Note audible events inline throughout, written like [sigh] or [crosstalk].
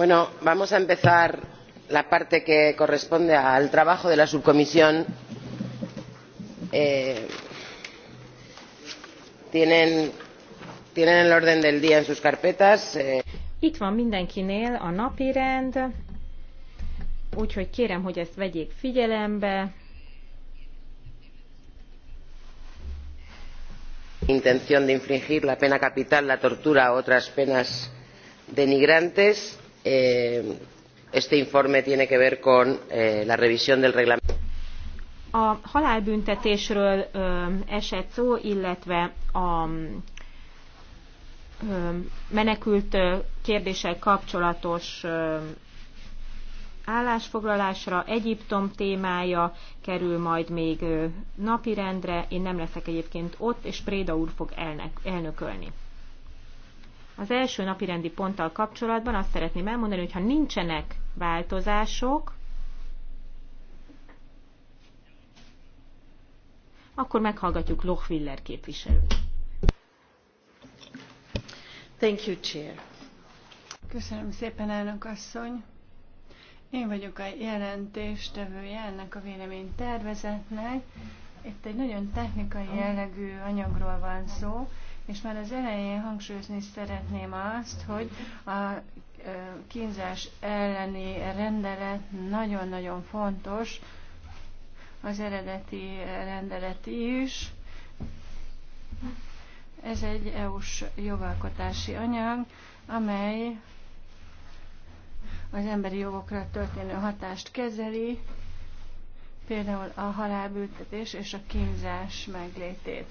Bueno, vamos a empezar la parte que corresponde al trabajo de la subcomisión. Eh, tienen, el orden del día en sus carpetas. Eh. Itt van mindenkinél a napi rend, úgyhogy kérem, hogy ezt vegyék figyelembe. Intención de infringir la pena capital, la tortura u otras penas denigrantes Eh, este informe tiene que ver con eh, la revisión del reglamento. A halálbüntetésről ö, eh, esett szó, illetve a ö, eh, menekült kérdések kapcsolatos ö, állásfoglalásra. Egyiptom témája kerül majd még napirendre. Én nem leszek egyébként ott, és Préda úr fog elnök, elnökölni. Az első napi rendi ponttal kapcsolatban azt szeretném elmondani, hogy ha nincsenek változások, akkor meghallgatjuk Lochwiller képviselőt. Thank you, Chair. Köszönöm szépen, elnök asszony. Én vagyok a jelentéstevője ennek a véleménytervezetnek. Itt egy nagyon technikai jellegű anyagról van szó, és már az elején hangsúlyozni szeretném azt, hogy a kínzás elleni rendelet nagyon-nagyon fontos, az eredeti rendelet is. Ez egy EU-s jogalkotási anyag, amely az emberi jogokra történő hatást kezeli, például a halálbüntetés és a kínzás meglétét.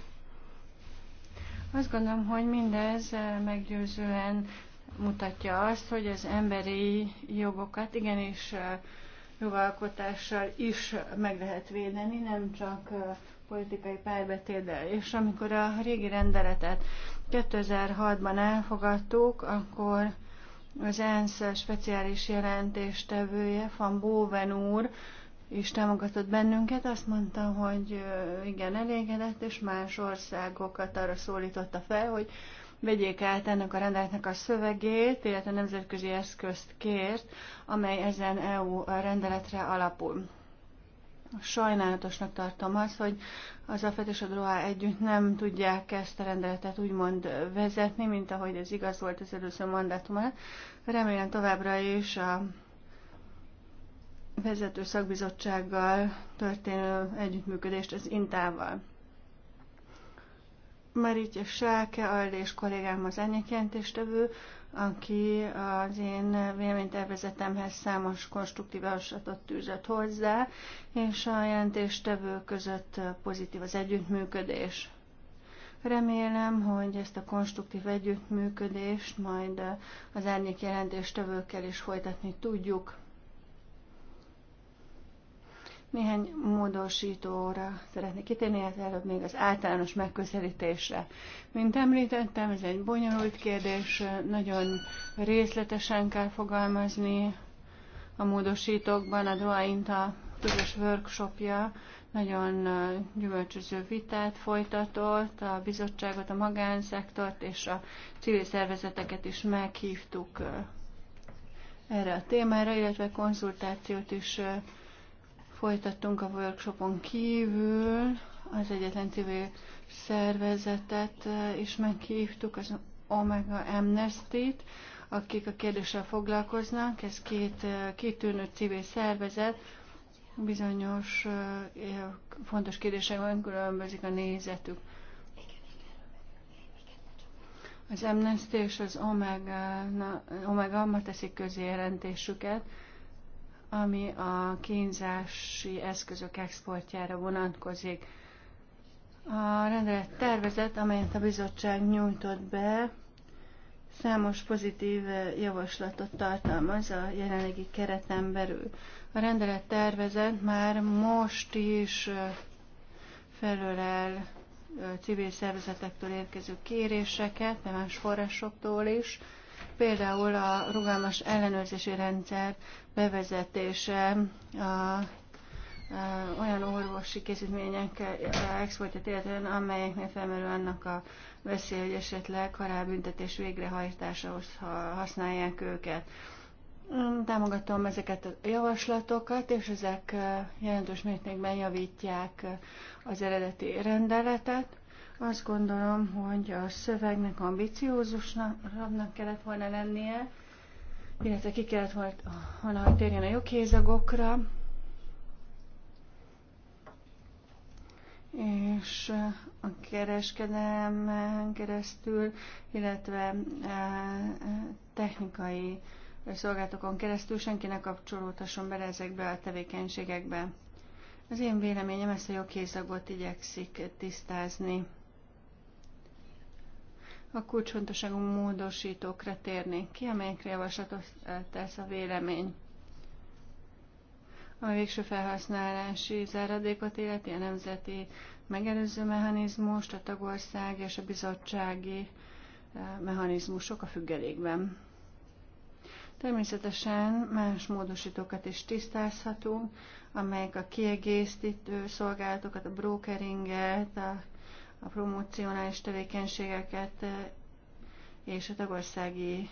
Azt gondolom, hogy mindez eh, meggyőzően mutatja azt, hogy az emberi jogokat igenis eh, jogalkotással is meg lehet védeni, nem csak eh, politikai párbetéddel. És amikor a régi rendeletet 2006-ban elfogadtuk, akkor az ENSZ speciális jelentéstevője, Van Bóven úr, és támogatott bennünket, azt mondta, hogy igen, elégedett, és más országokat arra szólította fel, hogy vegyék át ennek a rendeletnek a szövegét, illetve nemzetközi eszközt kért, amely ezen EU rendeletre alapul. Sajnálatosnak tartom azt, hogy az AFET és a DROA együtt nem tudják ezt a rendeletet úgymond vezetni, mint ahogy ez igaz volt az előző mandátum alatt. Remélem továbbra is a vezető szakbizottsággal történő együttműködést az Intával. és Sáke, Alde és kollégám az tevő, aki az én véleménytervezetemhez számos konstruktív javaslatot tűzött hozzá, és a jelentéstevő között pozitív az együttműködés. Remélem, hogy ezt a konstruktív együttműködést majd az árnyék jelentéstevőkkel is folytatni tudjuk. Néhány módosítóra szeretnék kitérni, ez előbb még az általános megközelítésre. Mint említettem, ez egy bonyolult kérdés, nagyon részletesen kell fogalmazni a módosítókban, a DOAINTA közös workshopja nagyon gyümölcsöző vitát folytatott, a bizottságot, a magánszektort és a civil szervezeteket is meghívtuk erre a témára, illetve konzultációt is Folytattunk a workshopon kívül, az egyetlen civil szervezetet eh, is meghívtuk, az Omega Amnesty-t, akik a kérdéssel foglalkoznak. Ez két eh, kitűnő civil szervezet, bizonyos eh, fontos kérdésekben különbözik a nézetük. Az Amnesty és az Omega, Omega ma teszik közjelentésüket, ami a kínzási eszközök exportjára vonatkozik. A rendelet tervezet, amelyet a bizottság nyújtott be, számos pozitív javaslatot tartalmaz a jelenlegi kereten belül. A rendelet tervezet már most is felölel civil szervezetektől érkező kéréseket, de más forrásoktól is, például a rugalmas ellenőrzési rendszer bevezetése, a olyan orvosi készítmények exportját illetően, amelyeknél felmerül annak a veszély, hogy esetleg halálbüntetés végrehajtásához használják őket. Mm, támogatom ezeket a javaslatokat, és ezek eh, jelentős mértékben javítják eh, az eredeti rendeletet. Azt gondolom, hogy a szövegnek ambiciózusnak kellett volna lennie, illetve ki kellett volna, hogy térjen a joghézagokra, és eh, a kereskedelmen keresztül, illetve eh, eh, technikai szolgáltatokon keresztül senki ne kapcsolódhasson bele ezekbe a tevékenységekbe. Az én véleményem ezt a joghézagot igyekszik tisztázni a kulcsfontosságú módosítókra térnék ki, amelyekre javaslatot tesz a vélemény. A végső felhasználási záradékot illeti a nemzeti megelőző mechanizmust, a tagország és a bizottsági eh, mechanizmusok a függelékben. Természetesen más módosítókat is tisztázhatunk, amelyek a kiegészítő szolgálatokat, a brokeringet, a a promocionális tevékenységeket és a tagországi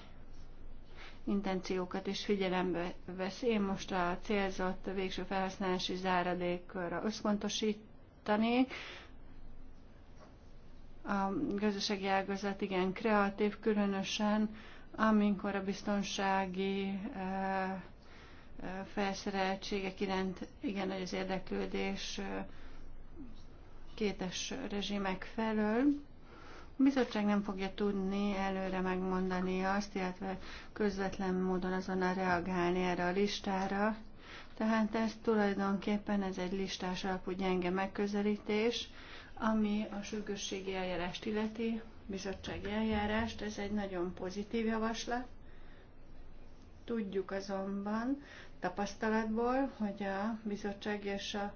intenciókat is figyelembe vesz. Én most a célzott végső felhasználási záradékra összpontosítani. A gazdasági ágazat igen kreatív, különösen amikor a biztonsági felszereltségek iránt igen nagy az érdeklődés, kétes rezsimek felől. A bizottság nem fogja tudni előre megmondani azt, illetve közvetlen módon azonnal reagálni erre a listára. Tehát ez tulajdonképpen ez egy listás alapú gyenge megközelítés, ami a sürgősségi eljárást illeti, bizottsági eljárást, ez egy nagyon pozitív javaslat. Tudjuk azonban tapasztalatból, hogy a bizottság és a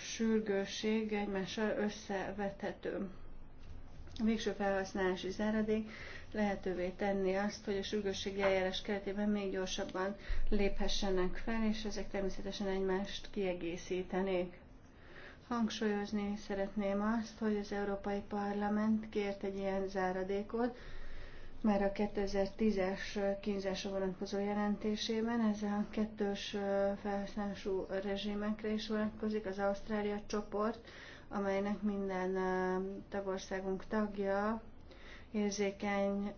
sürgősség egymással összevethető. A végső felhasználási záradék lehetővé tenni azt, hogy a sürgősség eljárás keretében még gyorsabban léphessenek fel, és ezek természetesen egymást kiegészítenék. Hangsúlyozni szeretném azt, hogy az Európai Parlament kért egy ilyen záradékot, már a 2010-es kínzásra vonatkozó jelentésében. Ez a kettős felhasználású rezsimekre is vonatkozik az Ausztrália csoport, amelynek minden tagországunk tagja érzékeny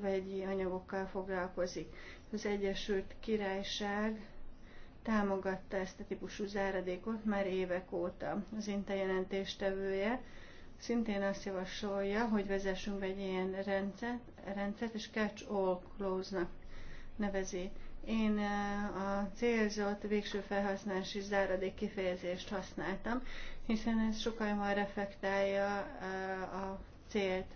vegyi anyagokkal foglalkozik. Az Egyesült Királyság támogatta ezt a típusú záradékot már évek óta. Az Inte jelentéstevője szintén azt javasolja, hogy vezessünk be egy ilyen rendszert, rendszert és catch all close-nak nevezi. Én eh, a célzott végső felhasználási záradék kifejezést használtam, hiszen ez sokkal jobban reflektálja eh, a célt.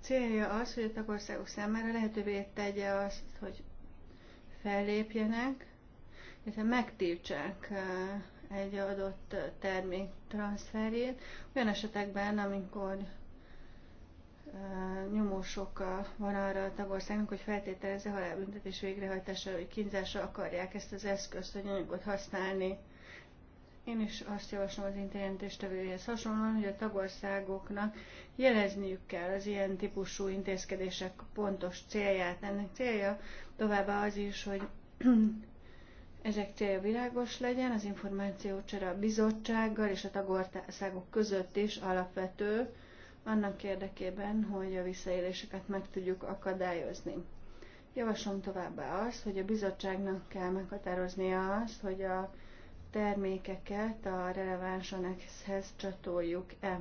Célja az, hogy a tagországok számára lehetővé tegye azt, hogy fellépjenek, illetve megtiltsák eh, egy adott termék transferjét. Olyan esetekben, amikor nyomósokkal van arra a tagországnak, hogy feltételezze halálbüntetés végrehajtása hogy kínzásra akarják ezt az eszközt, hogy anyagot használni. Én is azt javaslom az intézkedéstevőjéhez hasonlóan, hogy a tagországoknak jelezniük kell az ilyen típusú intézkedések pontos célját. Ennek célja továbbá az is, hogy ezek célja világos legyen, az információcsere a bizottsággal és a tagországok között is alapvető, annak érdekében, hogy a visszaéléseket meg tudjuk akadályozni. Javaslom továbbá azt, hogy a bizottságnak kell meghatároznia azt, hogy a termékeket a releváns annexhez csatoljuk-e.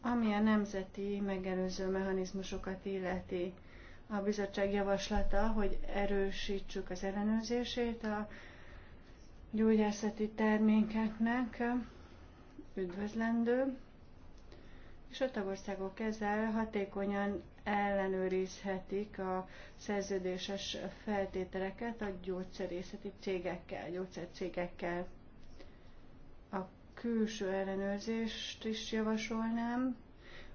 Ami a nemzeti megelőző mechanizmusokat illeti, a bizottság javaslata, hogy erősítsük az ellenőrzését a gyógyászati termékeknek, üdvözlendő, és a tagországok ezzel hatékonyan ellenőrizhetik a szerződéses feltételeket a gyógyszerészeti cégekkel, gyógyszercégekkel. A külső ellenőrzést is javasolnám,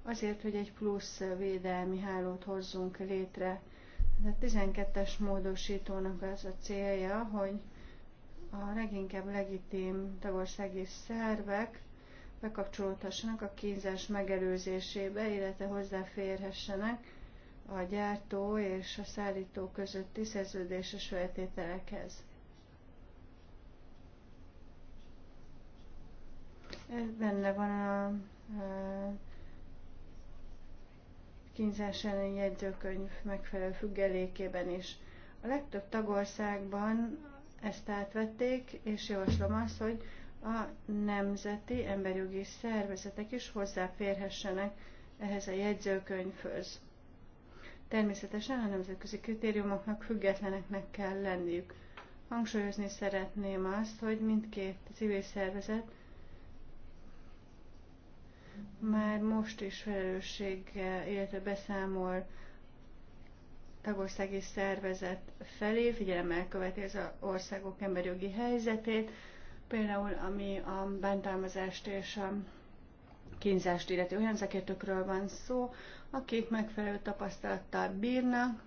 azért, hogy egy plusz védelmi hálót hozzunk létre. A 12-es módosítónak az a célja, hogy a leginkább legitim tagországi szervek bekapcsolódhassanak a kínzás megelőzésébe, illetve hozzáférhessenek a gyártó és a szállító közötti szerződéses feltételekhez. Ez benne van a kínzás elleni jegyzőkönyv megfelelő függelékében is. A legtöbb tagországban ezt átvették, és javaslom azt, hogy a nemzeti emberjogi szervezetek is hozzáférhessenek ehhez a jegyzőkönyvhöz. Természetesen a nemzetközi kritériumoknak függetleneknek kell lenniük. Hangsúlyozni szeretném azt, hogy mindkét civil szervezet már most is felelősséggel, illetve beszámol tagországi szervezet felé, figyelemmel követi az országok emberjogi helyzetét, például ami a bántalmazást és a kínzást illeti olyan szakértőkről van szó, akik megfelelő tapasztalattal bírnak,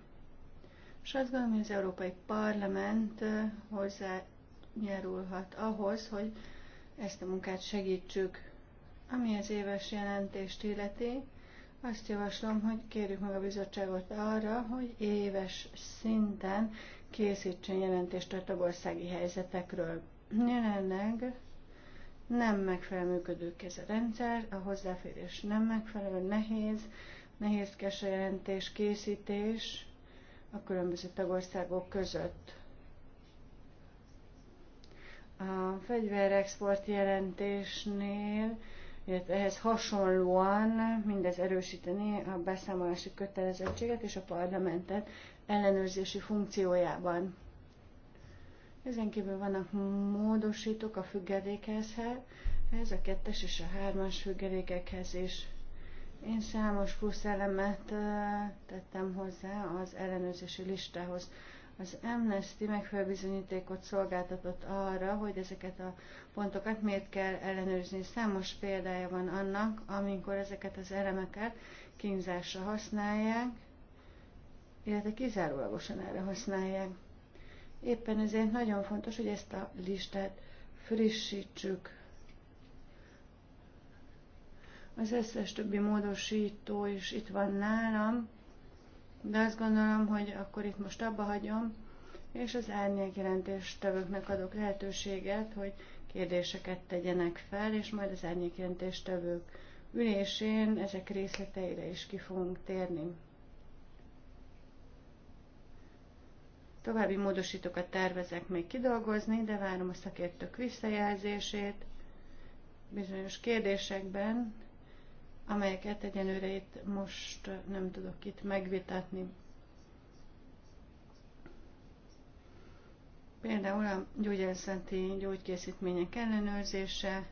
és azt gondolom, hogy az Európai Parlament hozzájárulhat ahhoz, hogy ezt a munkát segítsük ami az éves jelentést illeti, azt javaslom, hogy kérjük meg a bizottságot arra, hogy éves szinten készítsen jelentést a tagországi helyzetekről. Jelenleg nem megfelelő működők ez a rendszer, a hozzáférés nem megfelelő, nehéz, nehézkes a jelentés készítés a különböző tagországok között. A fegyverexport jelentésnél illetve ehhez hasonlóan mindez erősíteni a beszámolási kötelezettséget és a parlamentet ellenőrzési funkciójában. Ezen kívül vannak módosítók a függelékhez, ez a kettes és a hármas függelékekhez is. Én számos plusz elemet tettem hozzá az ellenőrzési listához. Az Amnesty megfelelő bizonyítékot szolgáltatott arra, hogy ezeket a pontokat miért kell ellenőrizni. Számos példája van annak, amikor ezeket az elemeket kínzásra használják, illetve kizárólagosan erre használják. Éppen ezért nagyon fontos, hogy ezt a listát frissítsük. Az összes többi módosító is itt van nálam, de azt gondolom, hogy akkor itt most abba hagyom, és az árnyék jelentéstevőknek adok lehetőséget, hogy kérdéseket tegyenek fel, és majd az árnyék jelentéstevők ülésén ezek részleteire is ki fogunk térni. További módosítókat tervezek még kidolgozni, de várom a szakértők visszajelzését. Bizonyos kérdésekben amelyeket egyenőre itt most nem tudok itt megvitatni. Például a gyógyászati gyógykészítmények ellenőrzése,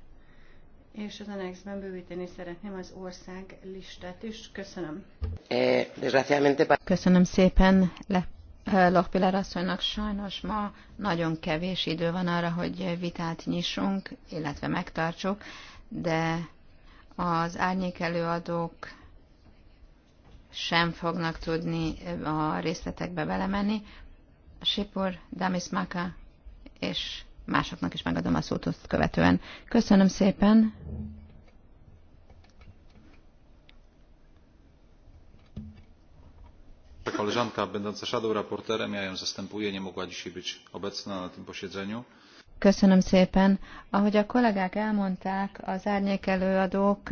és az annexben bővíteni szeretném az ország listát is. Köszönöm. Eh, Köszönöm szépen le. Eh, Lokpiller asszonynak sajnos ma nagyon kevés idő van arra, hogy vitát nyissunk, illetve megtartsuk, de az árnyék előadók sem fognak tudni a részletekbe belemenni. Sipor, Damis Maka és másoknak is megadom a szót azt követően. Köszönöm szépen! koleżanka będąca shadow raporterem ja ją zastępuję nie mogła dzisiaj być obecna na tym posiedzeniu. Köszönöm szépen. Ahogy a kollégák elmondták, az árnyék előadók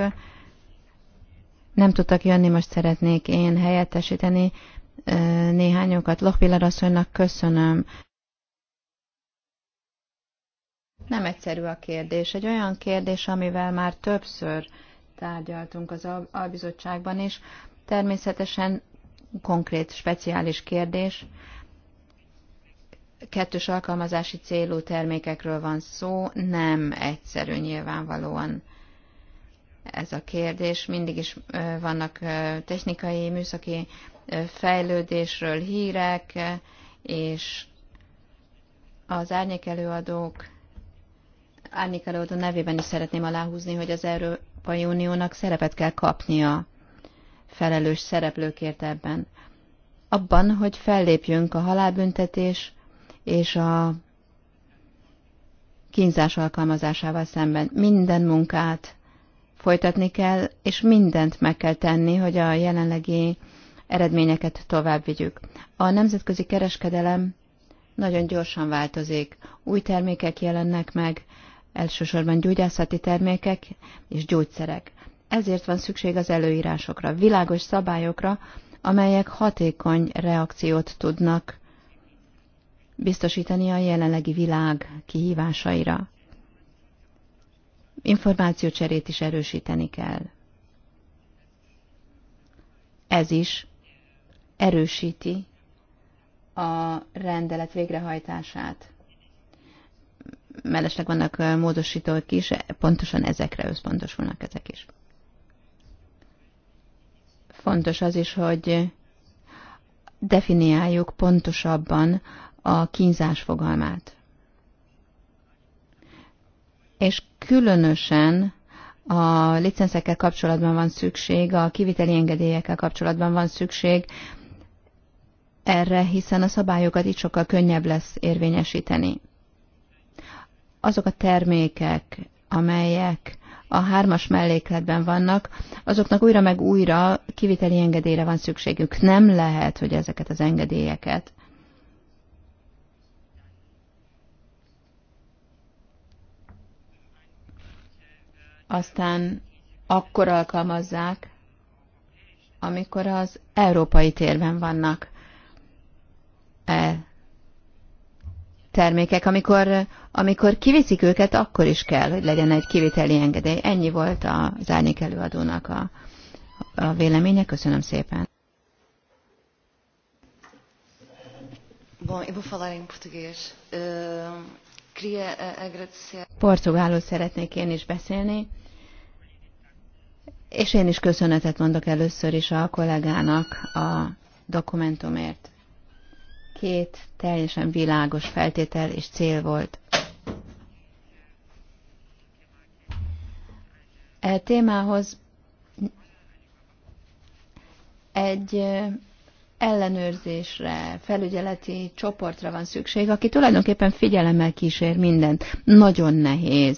nem tudtak jönni, most szeretnék én helyettesíteni néhányokat. Lochpiller asszonynak köszönöm. Nem egyszerű a kérdés. Egy olyan kérdés, amivel már többször tárgyaltunk az albizottságban is. Természetesen konkrét, speciális kérdés, kettős alkalmazási célú termékekről van szó, nem egyszerű nyilvánvalóan ez a kérdés. Mindig is vannak technikai, műszaki fejlődésről hírek, és az árnyék előadók árnyék előadó nevében is szeretném aláhúzni, hogy az Európai Uniónak szerepet kell kapnia felelős szereplőkért ebben. Abban, hogy fellépjünk a halálbüntetés és a kínzás alkalmazásával szemben minden munkát folytatni kell, és mindent meg kell tenni, hogy a jelenlegi eredményeket tovább vigyük. A nemzetközi kereskedelem nagyon gyorsan változik. Új termékek jelennek meg, elsősorban gyógyászati termékek és gyógyszerek. Ezért van szükség az előírásokra, világos szabályokra, amelyek hatékony reakciót tudnak biztosítani a jelenlegi világ kihívásaira. Információcserét is erősíteni kell. Ez is erősíti a rendelet végrehajtását. Mellesleg vannak módosítók is, pontosan ezekre összpontosulnak ezek is. Fontos az is, hogy definiáljuk pontosabban a kínzás fogalmát. És különösen a licenszekkel kapcsolatban van szükség, a kiviteli engedélyekkel kapcsolatban van szükség erre, hiszen a szabályokat itt sokkal könnyebb lesz érvényesíteni. Azok a termékek, amelyek a hármas mellékletben vannak, azoknak újra meg újra kiviteli engedélyre van szükségük. Nem lehet, hogy ezeket az engedélyeket aztán akkor alkalmazzák, amikor az európai térben vannak e termékek, amikor, amikor kiviszik őket, akkor is kell, hogy legyen egy kiviteli engedély. Ennyi volt az árnyék előadónak a, a véleménye. Köszönöm szépen. Bom, eu vou falar em português. Uh, Uh, Portugálul szeretnék én is beszélni, és én is köszönetet mondok először is a kollégának a dokumentumért. Két teljesen világos feltétel és cél volt. E témához egy ellenőrzésre, felügyeleti csoportra van szükség, aki tulajdonképpen figyelemmel kísér mindent. Nagyon nehéz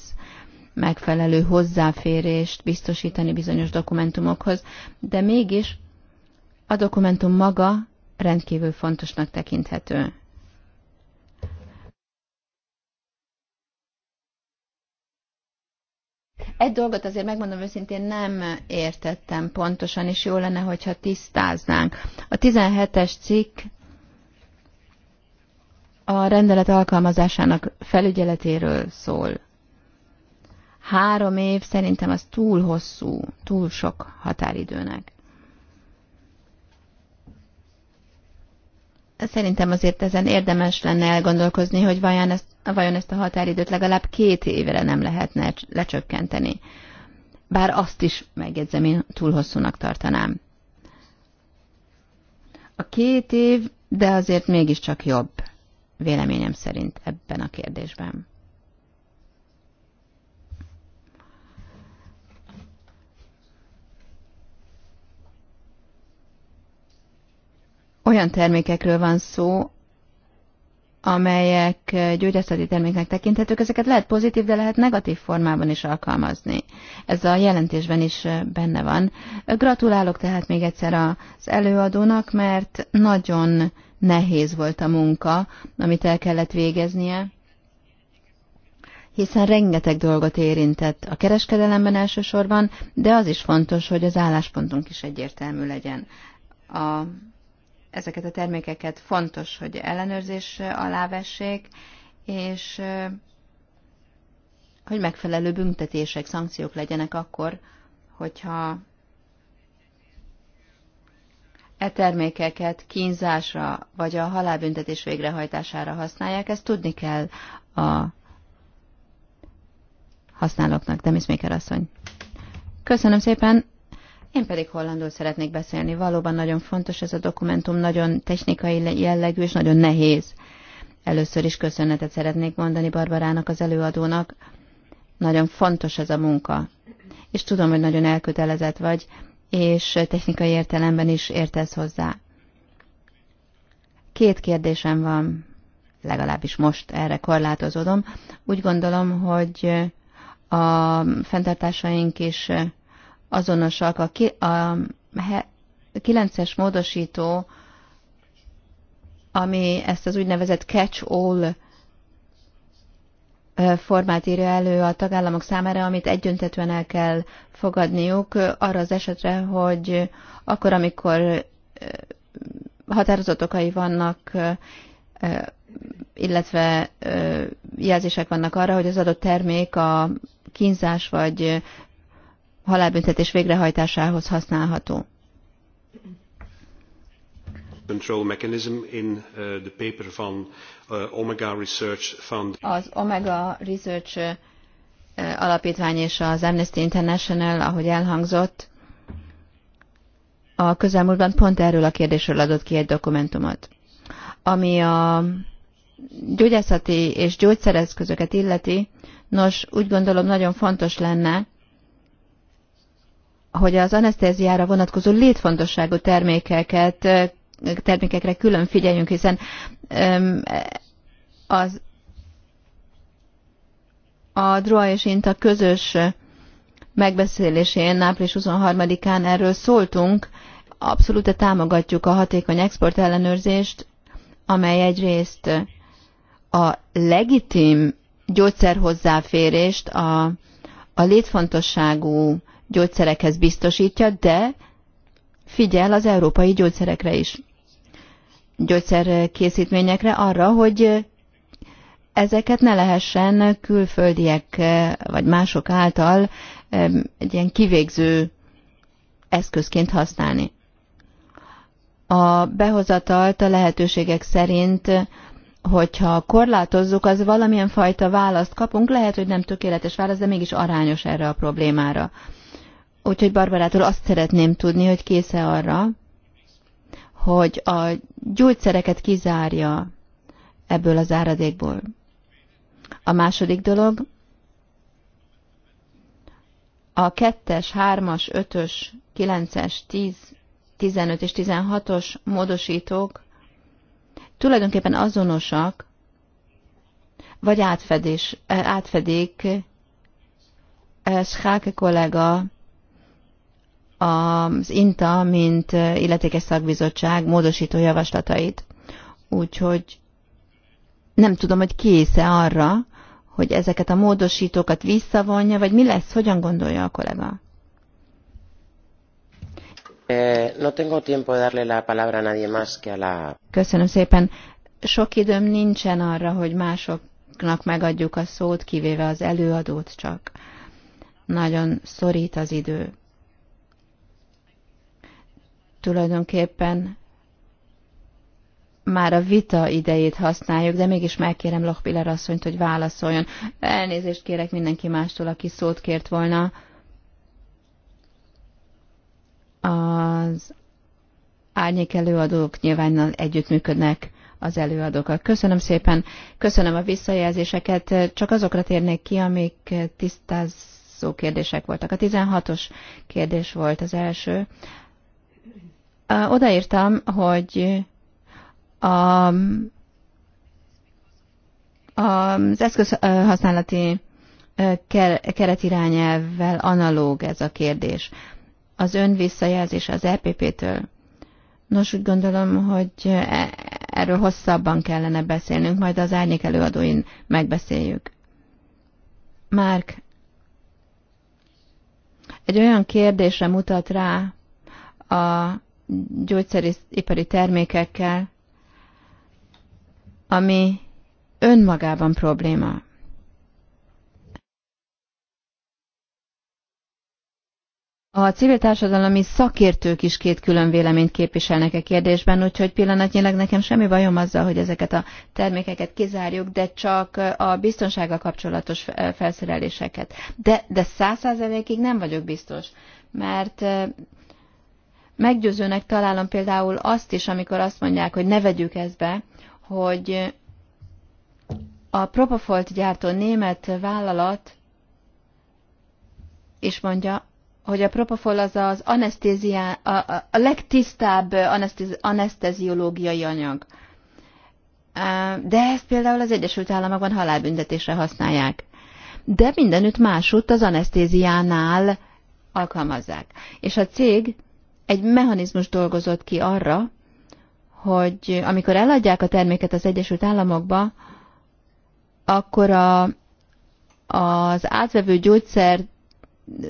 megfelelő hozzáférést biztosítani bizonyos dokumentumokhoz, de mégis a dokumentum maga rendkívül fontosnak tekinthető. Egy dolgot azért megmondom őszintén, nem értettem pontosan, és jó lenne, hogyha tisztáznánk. A 17-es cikk a rendelet alkalmazásának felügyeletéről szól. Három év szerintem az túl hosszú, túl sok határidőnek. Szerintem azért ezen érdemes lenne elgondolkozni, hogy vajon ezt, vajon ezt a határidőt legalább két évre nem lehetne lecsökkenteni. Bár azt is megjegyzem, én túl hosszúnak tartanám. A két év, de azért mégiscsak jobb, véleményem szerint ebben a kérdésben. olyan termékekről van szó, amelyek gyógyászati terméknek tekinthetők, ezeket lehet pozitív, de lehet negatív formában is alkalmazni. Ez a jelentésben is benne van. Gratulálok tehát még egyszer az előadónak, mert nagyon nehéz volt a munka, amit el kellett végeznie, hiszen rengeteg dolgot érintett a kereskedelemben elsősorban, de az is fontos, hogy az álláspontunk is egyértelmű legyen. A ezeket a termékeket fontos, hogy ellenőrzés alá vessék, és hogy megfelelő büntetések, szankciók legyenek akkor, hogyha e termékeket kínzásra vagy a halálbüntetés végrehajtására használják, ezt tudni kell a használóknak. Demis Méker asszony. Köszönöm szépen, én pedig hollandul szeretnék beszélni. Valóban nagyon fontos ez a dokumentum, nagyon technikai jellegű és nagyon nehéz. Először is köszönetet szeretnék mondani Barbarának, az előadónak. Nagyon fontos ez a munka. És tudom, hogy nagyon elkötelezett vagy, és technikai értelemben is értesz hozzá. Két kérdésem van, legalábbis most erre korlátozódom. Úgy gondolom, hogy a fenntartásaink is azonosak. A, ki, a a kilences módosító, ami ezt az úgynevezett catch-all formát írja elő a tagállamok számára, amit egyöntetően el kell fogadniuk arra az esetre, hogy akkor, amikor határozott okai vannak, illetve jelzések vannak arra, hogy az adott termék a kínzás vagy halálbüntetés végrehajtásához használható. Uh, uh, az Omega Research uh, alapítvány és az Amnesty International, ahogy elhangzott, a közelmúltban pont erről a kérdésről adott ki egy dokumentumot, ami a gyógyászati és gyógyszereszközöket illeti. Nos, úgy gondolom nagyon fontos lenne, hogy az anesztéziára vonatkozó létfontosságú termékeket, termékekre külön figyeljünk, hiszen az a DROA és INTA közös megbeszélésén április 23-án erről szóltunk, abszolút támogatjuk a hatékony exportellenőrzést, amely egyrészt a legitim gyógyszerhozzáférést, a, a létfontosságú gyógyszerekhez biztosítja, de figyel az európai gyógyszerekre is, gyógyszerkészítményekre arra, hogy ezeket ne lehessen külföldiek vagy mások által egy ilyen kivégző eszközként használni. A behozatalt a lehetőségek szerint, hogyha korlátozzuk, az valamilyen fajta választ kapunk, lehet, hogy nem tökéletes válasz, de mégis arányos erre a problémára. Úgyhogy Barbarától azt szeretném tudni, hogy készen arra, hogy a gyógyszereket kizárja ebből az áradékból. A második dolog, a kettes, hármas, ötös, kilences, tíz, tizenöt és tizenhatos módosítók tulajdonképpen azonosak, vagy átfedés, átfedék eh, Schalke kollega az INTA, mint illetékes szakbizottság módosító javaslatait. Úgyhogy nem tudom, hogy késze arra, hogy ezeket a módosítókat visszavonja, vagy mi lesz, hogyan gondolja a kollega? Eh, Köszönöm szépen. Sok időm nincsen arra, hogy másoknak megadjuk a szót, kivéve az előadót csak. Nagyon szorít az idő tulajdonképpen már a vita idejét használjuk, de mégis megkérem Lochbiller asszonyt, hogy válaszoljon. Elnézést kérek mindenki mástól, aki szót kért volna. Az árnyék előadók nyilván együttműködnek az előadókkal. Köszönöm szépen, köszönöm a visszajelzéseket. Csak azokra térnék ki, amik tisztázó kérdések voltak. A 16-os kérdés volt az első. Odaírtam, hogy a, az eszközhasználati keretirányelvvel analóg ez a kérdés. Az ön visszajelzés az EPP-től. Nos, úgy gondolom, hogy e, erről hosszabban kellene beszélnünk, majd az árnyék előadóin megbeszéljük. Márk, egy olyan kérdésre mutat rá a gyógyszeripari termékekkel, ami önmagában probléma. A civil társadalmi szakértők is két külön véleményt képviselnek a e kérdésben, úgyhogy pillanatnyilag nekem semmi bajom azzal, hogy ezeket a termékeket kizárjuk, de csak a biztonsága kapcsolatos felszereléseket. De, de százszázalékig nem vagyok biztos, mert Meggyőzőnek találom például azt is, amikor azt mondják, hogy ne vegyük ezt be, hogy a Propofolt gyártó német vállalat és mondja, hogy a propofol az az a, a, a legtisztább anesteziológiai anyag. De ezt például az Egyesült Államokban halálbüntetésre használják. De mindenütt másutt az anesztéziánál alkalmazzák. És a cég egy mechanizmus dolgozott ki arra, hogy amikor eladják a terméket az Egyesült Államokba, akkor a, az átvevő gyógyszer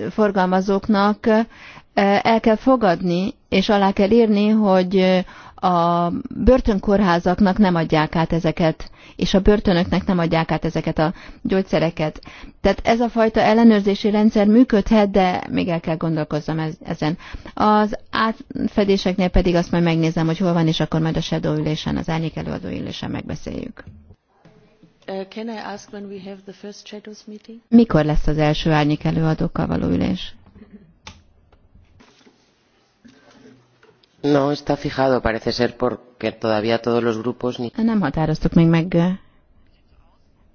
forgalmazóknak eh, el kell fogadni, és alá kell írni, hogy a börtönkórházaknak nem adják át ezeket, és a börtönöknek nem adják át ezeket a gyógyszereket. Tehát ez a fajta ellenőrzési rendszer működhet, de még el kell gondolkozzam ezen. Az átfedéseknél pedig azt majd megnézem, hogy hol van, és akkor majd a shadow ülésen, az árnyék előadó ülésen megbeszéljük. Uh, Mikor lesz az első árnyék előadókkal való ülés? No está fijado, parece ser porque todavía todos los grupos ni... Nem határoztuk még meg,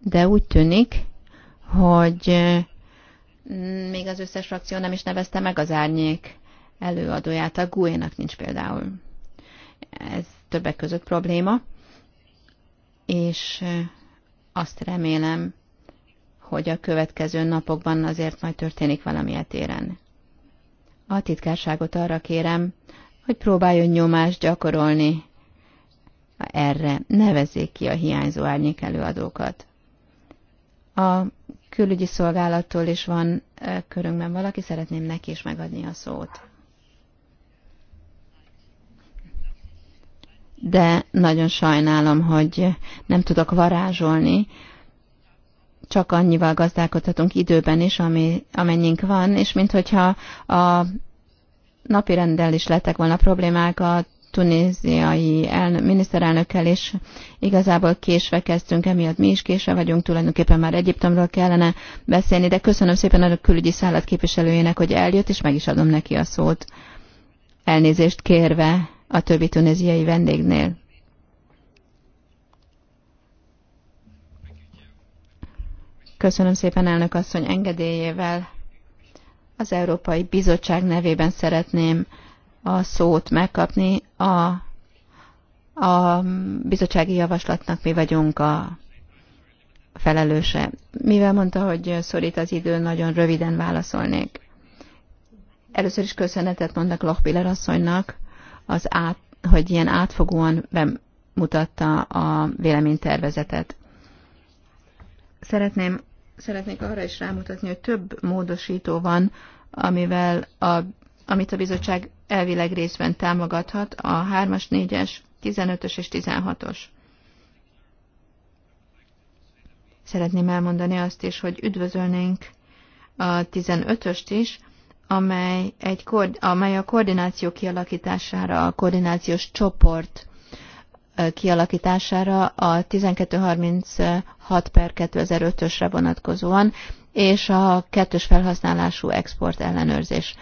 de úgy tűnik, hogy még az összes frakció nem is nevezte meg az árnyék előadóját, a GUE-nak nincs például. Ez többek között probléma, és azt remélem, hogy a következő napokban azért majd történik valami e téren. A titkárságot arra kérem, hogy próbáljon nyomást gyakorolni erre. Nevezzék ki a hiányzó árnyék előadókat. A külügyi szolgálattól is van körünkben valaki, szeretném neki is megadni a szót. De nagyon sajnálom, hogy nem tudok varázsolni, csak annyival gazdálkodhatunk időben is, ami, amennyink van, és minthogyha a rendel is lettek volna problémák a tunéziai elnök, miniszterelnökkel, és igazából késve kezdtünk, emiatt mi is késve vagyunk, tulajdonképpen már Egyiptomról kellene beszélni, de köszönöm szépen a külügyi szállat képviselőjének, hogy eljött, és meg is adom neki a szót, elnézést kérve a többi tunéziai vendégnél. Köszönöm szépen elnök asszony engedélyével az Európai Bizottság nevében szeretném a szót megkapni. A, a bizottsági javaslatnak mi vagyunk a felelőse. Mivel mondta, hogy szorít az idő, nagyon röviden válaszolnék. Először is köszönetet mondok Lochbiller asszonynak, az át, hogy ilyen átfogóan bemutatta a véleménytervezetet. Szeretném szeretnék arra is rámutatni, hogy több módosító van, amivel a, amit a bizottság elvileg részben támogathat, a 3-as, 4-es, 15-ös és 16-os. Szeretném elmondani azt is, hogy üdvözölnénk a 15-öst is, amely, egy, amely a koordináció kialakítására, a koordinációs csoport kialakítására a 1236 per 2005-ösre vonatkozóan, és a kettős felhasználású export ellenőrzés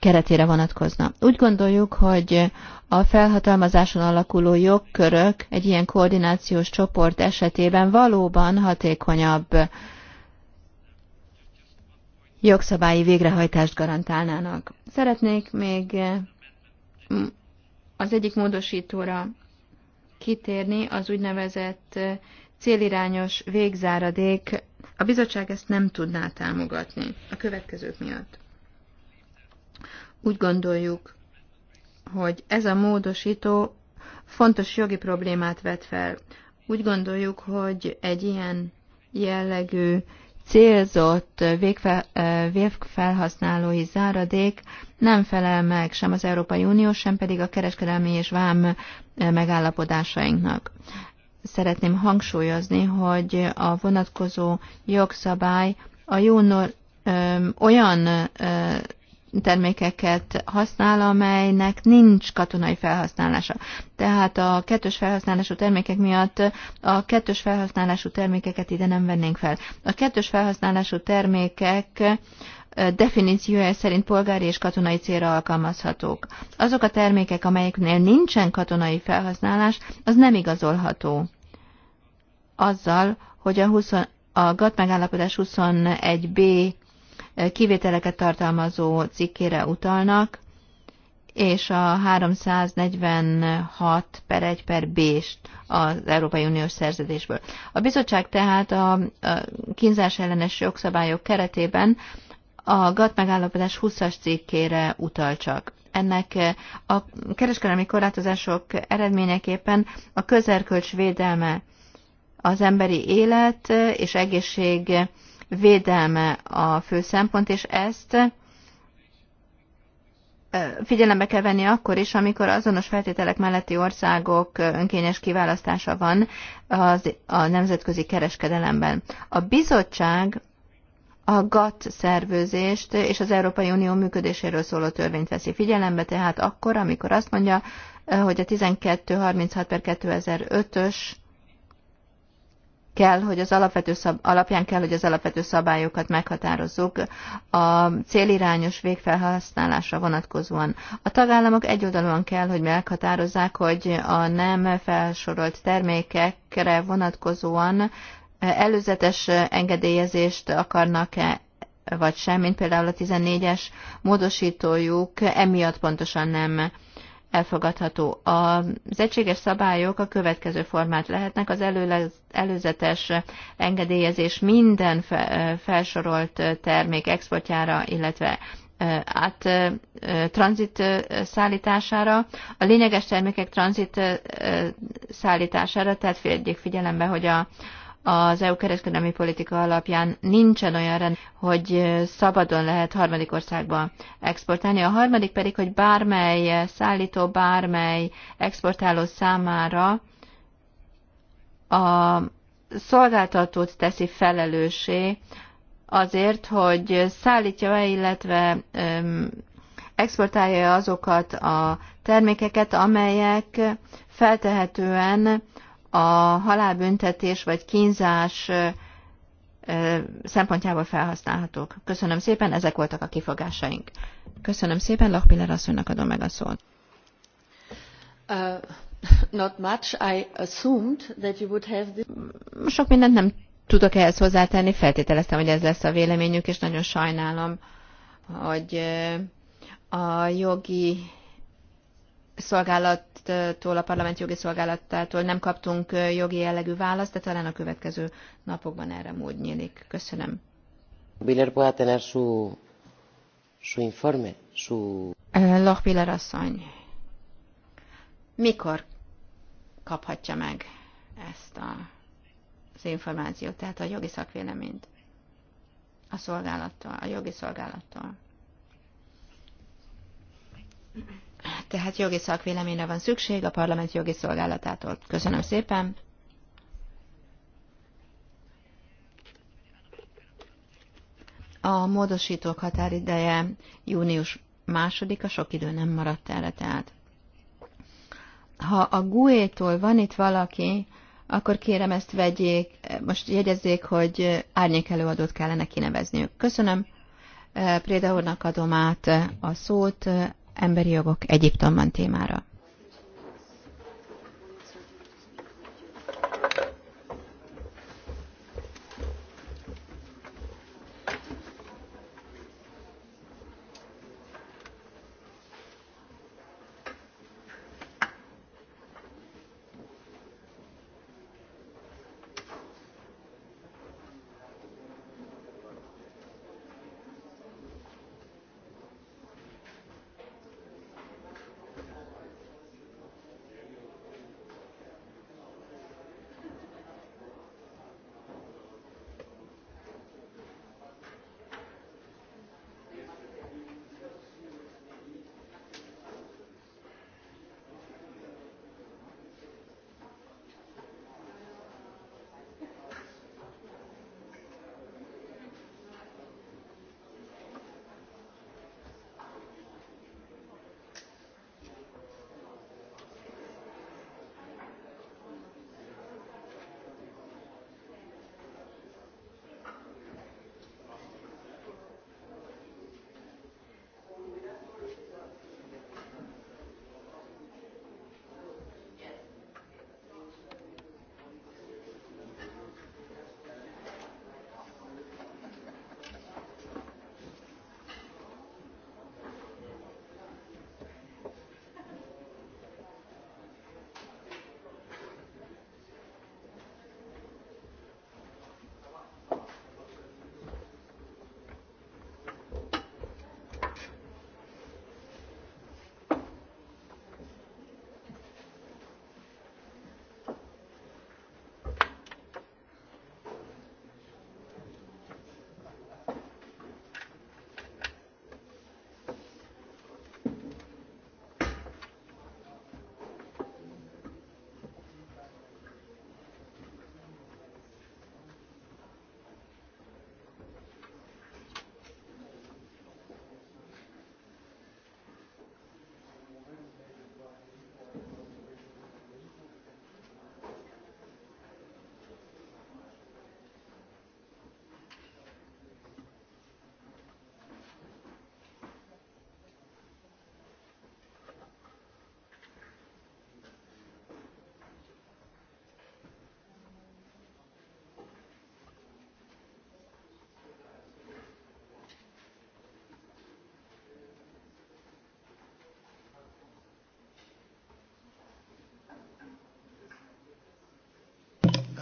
keretére vonatkozna. Úgy gondoljuk, hogy a felhatalmazáson alakuló jogkörök egy ilyen koordinációs csoport esetében valóban hatékonyabb jogszabályi végrehajtást garantálnának. Szeretnék még mm, az egyik módosítóra kitérni az úgynevezett célirányos végzáradék. A bizottság ezt nem tudná támogatni a következők miatt. Úgy gondoljuk, hogy ez a módosító fontos jogi problémát vet fel. Úgy gondoljuk, hogy egy ilyen jellegű célzott végfelhasználói záradék nem felel meg sem az Európai Unió, sem pedig a kereskedelmi és vám eh, megállapodásainknak. Szeretném hangsúlyozni, hogy a vonatkozó jogszabály a jó eh, olyan eh, termékeket használ, amelynek nincs katonai felhasználása. Tehát a kettős felhasználású termékek miatt a kettős felhasználású termékeket ide nem vennénk fel. A kettős felhasználású termékek definíciója szerint polgári és katonai célra alkalmazhatók. Azok a termékek, amelyeknél nincsen katonai felhasználás, az nem igazolható. Azzal, hogy a, 20, a GATT megállapodás 21b kivételeket tartalmazó cikkére utalnak, és a 346 per 1 per b az Európai Uniós szerződésből. A bizottság tehát a kínzás ellenes jogszabályok keretében a GATT megállapodás 20-as cikkére utal csak. Ennek eh, a kereskedelmi korlátozások eredményeképpen a közerkölcs védelme, az emberi élet eh, és egészség védelme a fő szempont, és ezt eh, figyelembe kell venni akkor is, amikor azonos feltételek melletti országok önkényes kiválasztása van az, a nemzetközi kereskedelemben. A bizottság a GATT szervezést és az Európai Unió működéséről szóló törvényt veszi figyelembe, tehát akkor, amikor azt mondja, eh, hogy a 1236 per 2005-ös kell, hogy az alapvető szab, alapján kell, hogy az alapvető szabályokat meghatározzuk a célirányos végfelhasználásra vonatkozóan. A tagállamok egyoldalúan kell, hogy meghatározzák, hogy a nem felsorolt termékekre vonatkozóan előzetes engedélyezést akarnak-e, vagy sem, mint például a 14-es módosítójuk, emiatt pontosan nem elfogadható. Az egységes szabályok a következő formát lehetnek. Az előzetes engedélyezés minden felsorolt termék exportjára, illetve át tranzit szállítására, a lényeges termékek tranzit szállítására, tehát figyeljék figyelembe, hogy a, az EU kereskedelmi politika alapján nincsen olyan rend, hogy szabadon lehet harmadik országba exportálni. A harmadik pedig, hogy bármely szállító, bármely exportáló számára a szolgáltatót teszi felelőssé azért, hogy szállítja-e, illetve exportálja azokat a termékeket, amelyek feltehetően a halálbüntetés vagy kínzás szempontjából felhasználhatók. Köszönöm szépen, ezek voltak a kifogásaink. Köszönöm szépen, Lachmiller asszonynak adom meg a szót. Uh, not much. I assumed that you would have this... Sok mindent nem tudok ehhez hozzátenni, feltételeztem, hogy ez lesz a véleményük, és nagyon sajnálom, hogy a jogi szolgálattól, a parlament jogi szolgálatától nem kaptunk jogi jellegű választ, de talán a következő napokban erre mód nyílik. Köszönöm. Biller tener su, su informe, su... Biller asszony, mikor kaphatja meg ezt a, az információt, tehát a jogi szakvéleményt a szolgálattól, a jogi szolgálattól? Tehát jogi szakvéleményre van szükség a parlament jogi szolgálatától. Köszönöm szépen. A módosítók határideje június második, a sok idő nem maradt erre tehát. Ha a GUE-tól van itt valaki, akkor kérem ezt vegyék, most jegyezzék, hogy árnyékelőadót kellene kinevezniük. Köszönöm. Préda úrnak adom át a szót emberi jogok Egyiptomban témára.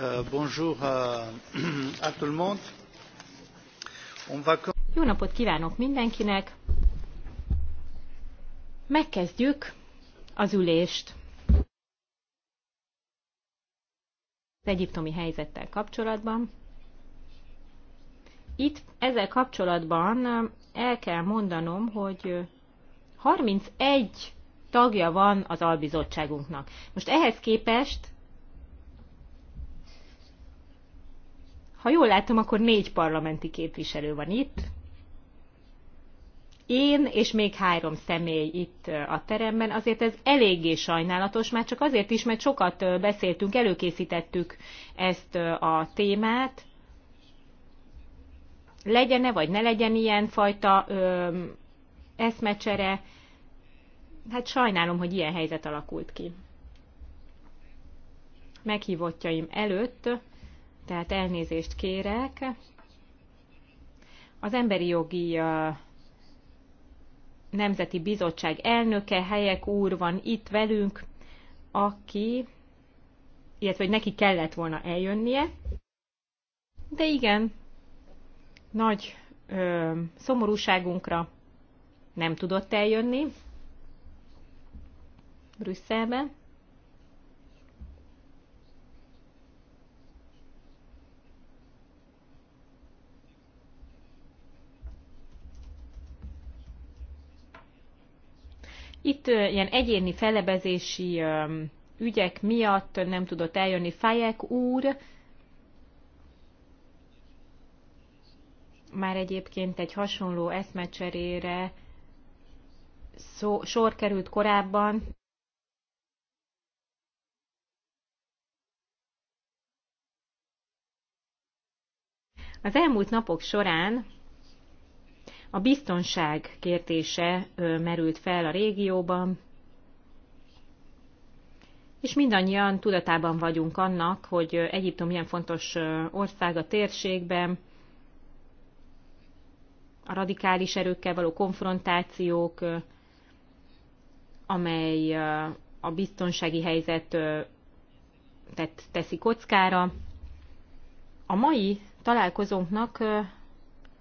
Euh, [clears throat] Jó napot kívánok mindenkinek! Megkezdjük az ülést. Az egyiptomi helyzettel kapcsolatban. Itt ezzel kapcsolatban um, el kell mondanom, hogy 31 uh, tagja van az albizottságunknak. Most ehhez képest Ha jól látom, akkor négy parlamenti képviselő van itt. Én és még három személy itt a teremben, azért ez eléggé sajnálatos, már csak azért is, mert sokat beszéltünk, előkészítettük ezt a témát. Legyen-e vagy ne legyen ilyen fajta ö, eszmecsere, hát sajnálom, hogy ilyen helyzet alakult ki. Meghívottjaim előtt tehát elnézést kérek. Az Emberi Jogi Nemzeti Bizottság elnöke, Helyek úr van itt velünk, aki, illetve hogy neki kellett volna eljönnie. De igen, nagy ö, szomorúságunkra nem tudott eljönni Brüsszelbe. Itt ilyen egyéni felebezési ügyek miatt nem tudott eljönni Fajek úr, már egyébként egy hasonló eszmecserére sor került korábban. Az elmúlt napok során a biztonság kérdése merült fel a régióban, és mindannyian tudatában vagyunk annak, hogy Egyiptom milyen fontos ország a térségben, a radikális erőkkel való konfrontációk, amely a biztonsági helyzet teszi kockára. A mai találkozónknak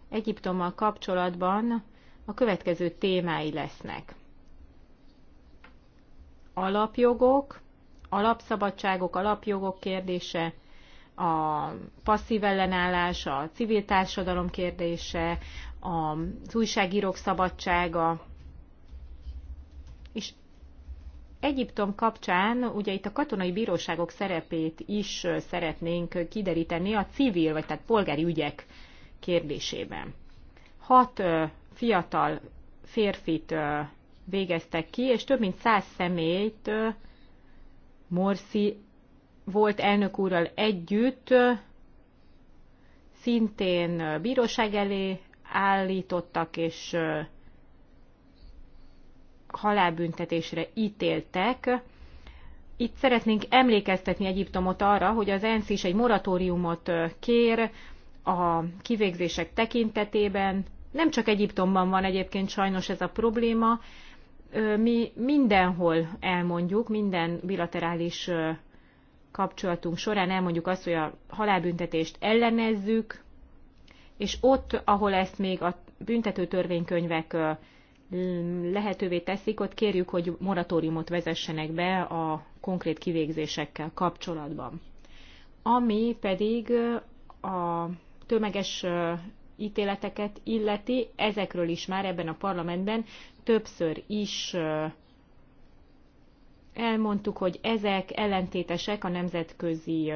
Egyiptommal kapcsolatban a következő témái lesznek. Alapjogok, alapszabadságok, alapjogok kérdése, a passzív ellenállás, a civil társadalom kérdése, az újságírók szabadsága, és Egyiptom kapcsán ugye itt a katonai bíróságok szerepét is szeretnénk kideríteni a civil, vagy tehát polgári ügyek kérdésében. Hat fiatal férfit végeztek ki, és több mint száz személyt Morsi volt elnök úrral együtt szintén bíróság elé állítottak, és halálbüntetésre ítéltek. Itt szeretnénk emlékeztetni Egyiptomot arra, hogy az ENSZ is egy moratóriumot kér a kivégzések tekintetében. Nem csak Egyiptomban van egyébként sajnos ez a probléma. Mi mindenhol elmondjuk, minden bilaterális kapcsolatunk során elmondjuk azt, hogy a halálbüntetést ellenezzük, és ott, ahol ezt még a büntető törvénykönyvek lehetővé teszik, ott kérjük, hogy moratóriumot vezessenek be a konkrét kivégzésekkel kapcsolatban. Ami pedig a tömeges ítéleteket illeti, ezekről is már ebben a parlamentben többször is elmondtuk, hogy ezek ellentétesek a nemzetközi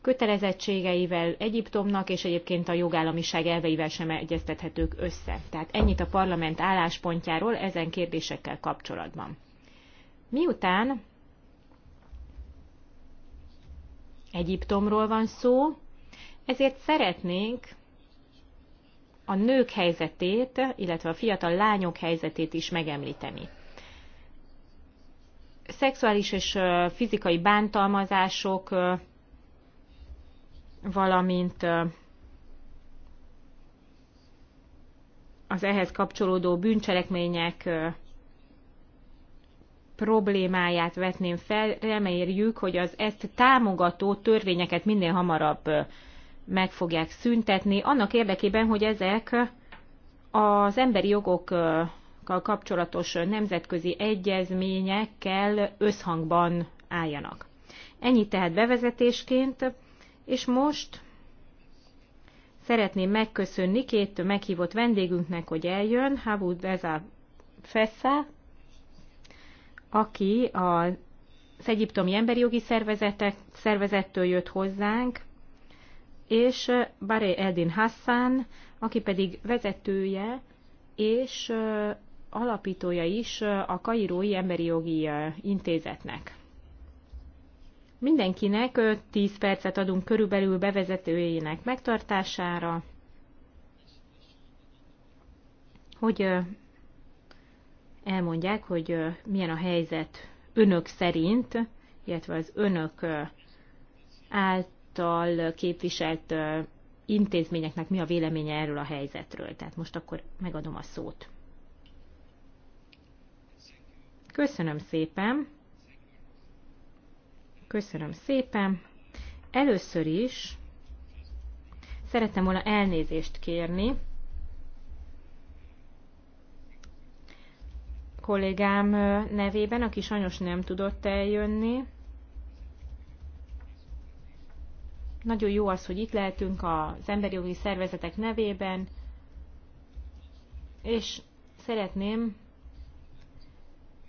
kötelezettségeivel Egyiptomnak, és egyébként a jogállamiság elveivel sem egyeztethetők össze. Tehát ennyit a parlament álláspontjáról ezen kérdésekkel kapcsolatban. Miután Egyiptomról van szó, ezért szeretnénk a nők helyzetét, illetve a fiatal lányok helyzetét is megemlíteni. Szexuális és fizikai bántalmazások, valamint az ehhez kapcsolódó bűncselekmények problémáját vetném fel, reméljük, hogy az ezt támogató törvényeket minél hamarabb meg fogják szüntetni, annak érdekében, hogy ezek az emberi jogokkal kapcsolatos nemzetközi egyezményekkel összhangban álljanak. Ennyi tehát bevezetésként, és most szeretném megköszönni két meghívott vendégünknek, hogy eljön, Habu Deza Fessa, aki az egyiptomi emberi jogi szervezetek, szervezettől jött hozzánk, és Baré Eldin Hassan, aki pedig vezetője és alapítója is a Kairói Emberi Jogi Intézetnek. Mindenkinek 10 percet adunk körülbelül bevezetőjének megtartására, hogy elmondják, hogy milyen a helyzet önök szerint, illetve az önök állt által képviselt intézményeknek mi a véleménye erről a helyzetről. Tehát most akkor megadom a szót. Köszönöm szépen. Köszönöm szépen. Először is szerettem volna elnézést kérni kollégám nevében, aki sajnos nem tudott eljönni, Nagyon jó az, hogy itt lehetünk az emberi jogi szervezetek nevében, és szeretném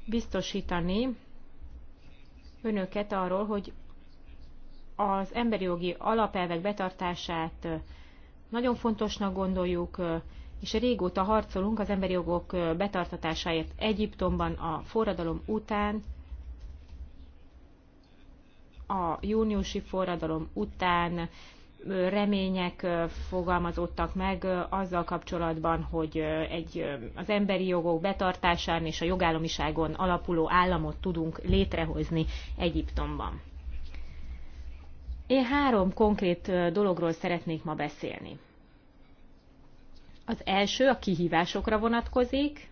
biztosítani önöket arról, hogy az emberi jogi alapelvek betartását nagyon fontosnak gondoljuk, és régóta harcolunk az emberi jogok betartatásáért Egyiptomban a forradalom után, a júniusi forradalom után remények fogalmazódtak meg azzal kapcsolatban, hogy egy, az emberi jogok betartásán és a jogállamiságon alapuló államot tudunk létrehozni Egyiptomban. Én három konkrét dologról szeretnék ma beszélni. Az első a kihívásokra vonatkozik,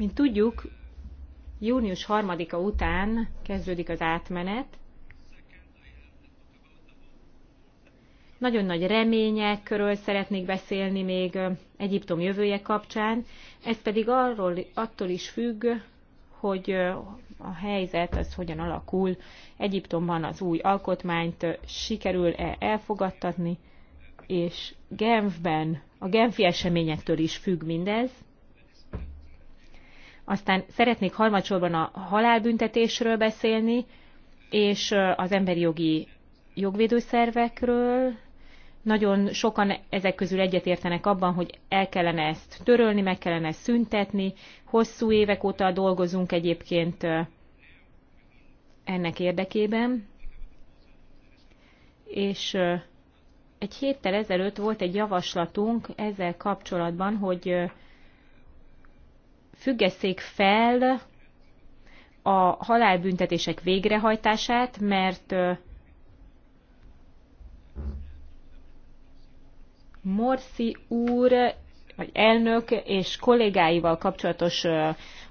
Mint tudjuk, június 3-a után kezdődik az átmenet. Nagyon nagy reményekről szeretnék beszélni még Egyiptom jövője kapcsán. Ez pedig arról, attól is függ, hogy a helyzet az hogyan alakul. Egyiptomban az új alkotmányt sikerül-e elfogadtatni, és Genfben, a Genfi eseményektől is függ mindez. Aztán szeretnék harmadsorban a halálbüntetésről beszélni, és az emberi jogi jogvédőszervekről. Nagyon sokan ezek közül egyetértenek abban, hogy el kellene ezt törölni, meg kellene ezt szüntetni. Hosszú évek óta dolgozunk egyébként ennek érdekében. És egy héttel ezelőtt volt egy javaslatunk ezzel kapcsolatban, hogy függesszék fel a halálbüntetések végrehajtását, mert Morsi úr, vagy elnök és kollégáival kapcsolatos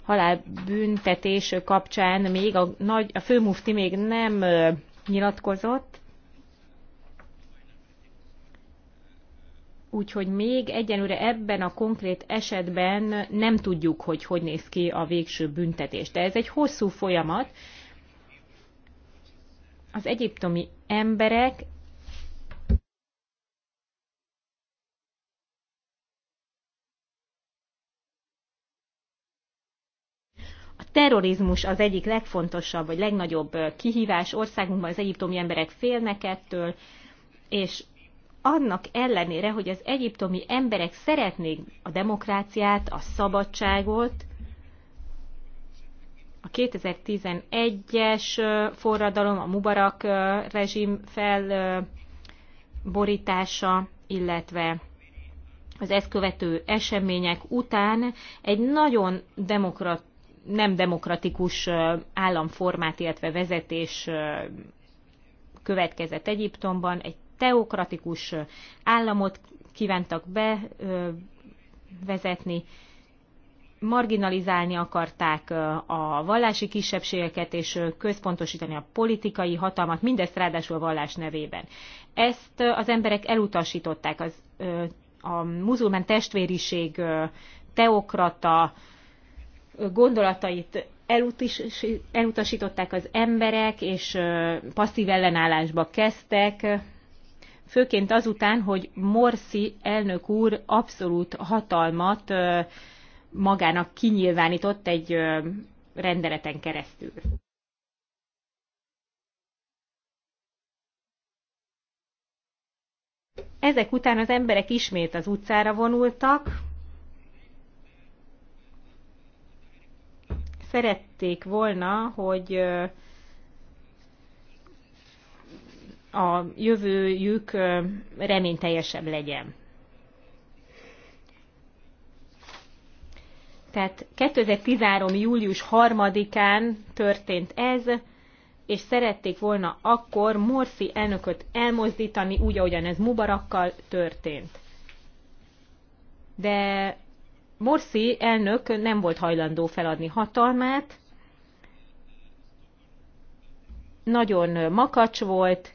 halálbüntetés kapcsán még a, nagy, a főmufti még nem nyilatkozott, Úgyhogy még egyenlőre ebben a konkrét esetben nem tudjuk, hogy hogy néz ki a végső büntetés. De ez egy hosszú folyamat. Az egyiptomi emberek A terrorizmus az egyik legfontosabb, vagy legnagyobb kihívás országunkban, az egyiptomi emberek félnek ettől, és annak ellenére, hogy az egyiptomi emberek szeretnék a demokráciát, a szabadságot, a 2011-es forradalom, a Mubarak rezsim felborítása, illetve az ezt követő események után egy nagyon demokrat, nem demokratikus államformát, illetve vezetés következett Egyiptomban, egy teokratikus államot kívántak bevezetni, marginalizálni akarták a vallási kisebbségeket, és központosítani a politikai hatalmat, mindezt ráadásul a vallás nevében. Ezt az emberek elutasították, az, a muzulmán testvériség teokrata gondolatait elutasították az emberek, és passzív ellenállásba kezdtek, főként azután, hogy Morsi elnök úr abszolút hatalmat magának kinyilvánított egy rendeleten keresztül. Ezek után az emberek ismét az utcára vonultak, szerették volna, hogy a jövőjük reményteljesebb legyen. Tehát 2013. július 3-án történt ez, és szerették volna akkor Morsi elnököt elmozdítani, úgy, ahogyan ez Mubarakkal történt. De Morsi elnök nem volt hajlandó feladni hatalmát, nagyon makacs volt,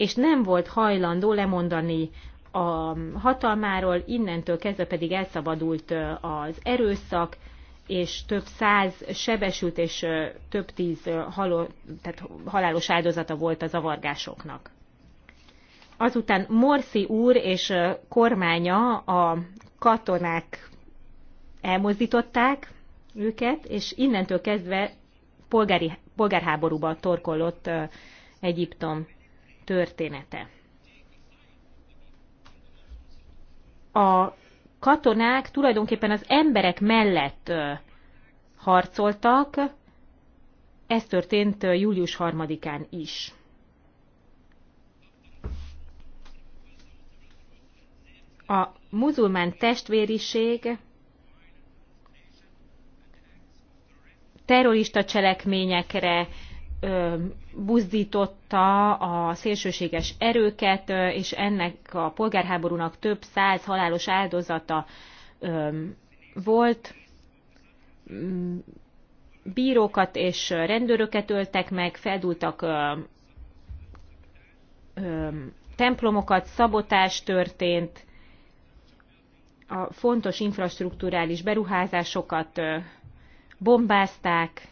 és nem volt hajlandó lemondani a hatalmáról, innentől kezdve pedig elszabadult az erőszak, és több száz sebesült és több tíz haló, tehát halálos áldozata volt a zavargásoknak. Azután Morsi úr és kormánya a katonák elmozdították őket, és innentől kezdve polgári, polgárháborúba torkollott Egyiptom története. A katonák tulajdonképpen az emberek mellett harcoltak, ez történt július 3-án is. A muzulmán testvériség terrorista cselekményekre, buzdította a szélsőséges erőket, és ennek a polgárháborúnak több száz halálos áldozata volt. Mm, bírókat és rendőröket öltek meg, feldúltak templomokat, szabotás történt, a fontos infrastruktúrális beruházásokat bombázták,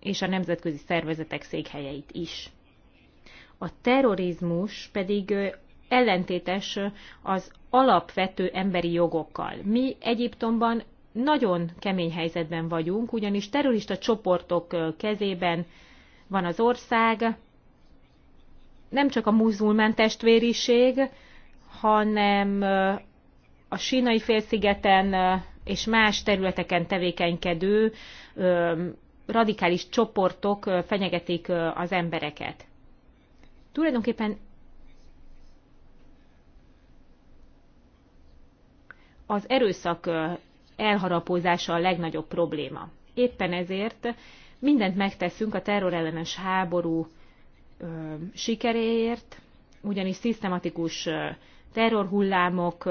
és a nemzetközi szervezetek székhelyeit is. A terrorizmus pedig ellentétes az alapvető emberi jogokkal. Mi Egyiptomban nagyon kemény helyzetben vagyunk, ugyanis terrorista csoportok kezében van az ország, nem csak a muzulmán testvériség, hanem a sínai félszigeten és más területeken tevékenykedő radikális csoportok fenyegetik az embereket. Tulajdonképpen az erőszak elharapózása a legnagyobb probléma. Éppen ezért mindent megteszünk a terrorellenes háború sikeréért, ugyanis szisztematikus terrorhullámok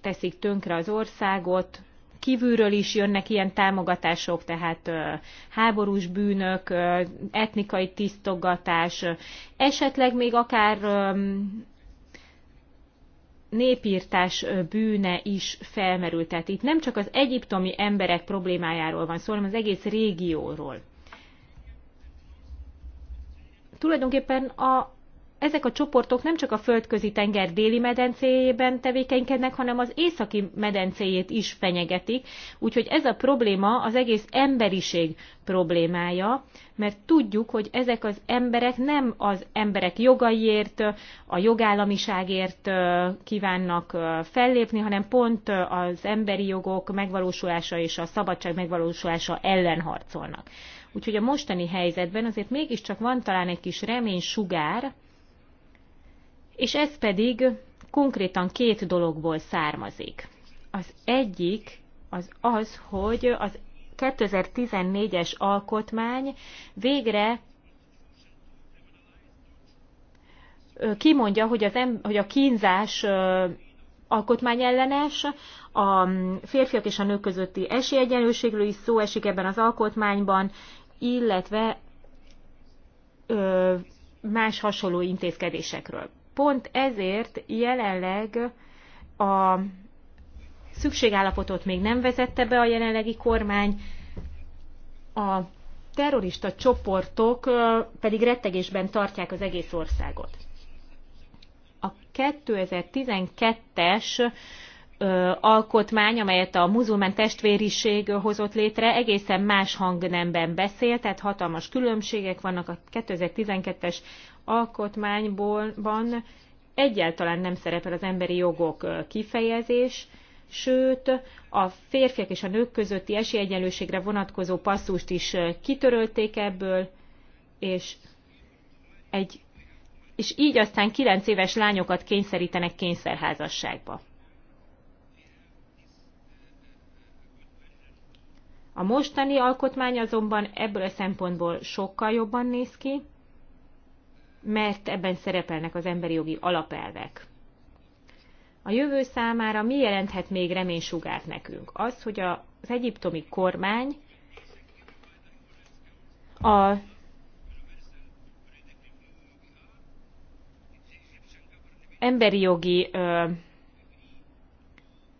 teszik tönkre az országot, kívülről is jönnek ilyen támogatások, tehát háborús bűnök, etnikai tisztogatás, esetleg még akár népírtás bűne is felmerült. Tehát itt nem csak az egyiptomi emberek problémájáról van szó, hanem az egész régióról. Tulajdonképpen a ezek a csoportok nem csak a földközi tenger déli medencéjében tevékenykednek, hanem az északi medencéjét is fenyegetik. Úgyhogy ez a probléma az egész emberiség problémája, mert tudjuk, hogy ezek az emberek nem az emberek jogaiért, a jogállamiságért kívánnak fellépni, hanem pont az emberi jogok megvalósulása és a szabadság megvalósulása ellen harcolnak. Úgyhogy a mostani helyzetben azért mégiscsak van talán egy kis remény sugár, és ez pedig konkrétan két dologból származik. Az egyik az az, hogy az 2014-es alkotmány végre kimondja, hogy, az em, hogy a kínzás alkotmányellenes, a férfiak és a nők közötti esélyegyenlőségről is szó esik ebben az alkotmányban, illetve ö, más hasonló intézkedésekről. Pont ezért jelenleg a szükségállapotot még nem vezette be a jelenlegi kormány, a terrorista csoportok pedig rettegésben tartják az egész országot. A 2012-es alkotmány, amelyet a muzulmán testvériség hozott létre, egészen más hangnemben beszél, tehát hatalmas különbségek vannak a 2012-es alkotmányban egyáltalán nem szerepel az emberi jogok kifejezés, sőt a férfiak és a nők közötti esélyegyenlőségre vonatkozó passzust is kitörölték ebből, és, egy, és így aztán kilenc éves lányokat kényszerítenek kényszerházasságba. A mostani alkotmány azonban ebből a szempontból sokkal jobban néz ki, mert ebben szerepelnek az emberi jogi alapelvek. A jövő számára mi jelenthet még reménysugárt nekünk? Az, hogy az egyiptomi kormány a emberi jogi ö,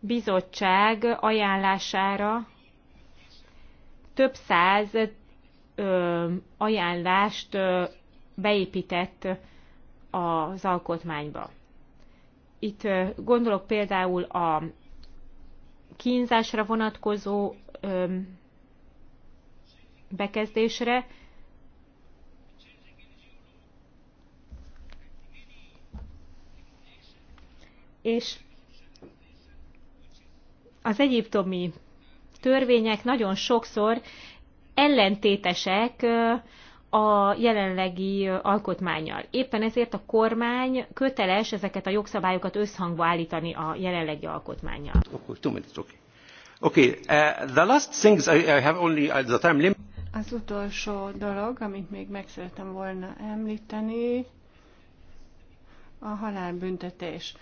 bizottság ajánlására több száz ö, ajánlást ö, beépített az alkotmányba. Itt gondolok például a kínzásra vonatkozó bekezdésre, és az egyiptomi törvények nagyon sokszor ellentétesek a jelenlegi alkotmányjal. Éppen ezért a kormány köteles ezeket a jogszabályokat összhangba állítani a jelenlegi alkotmányjal. Az utolsó dolog, amit még meg szeretem volna említeni, a halálbüntetés.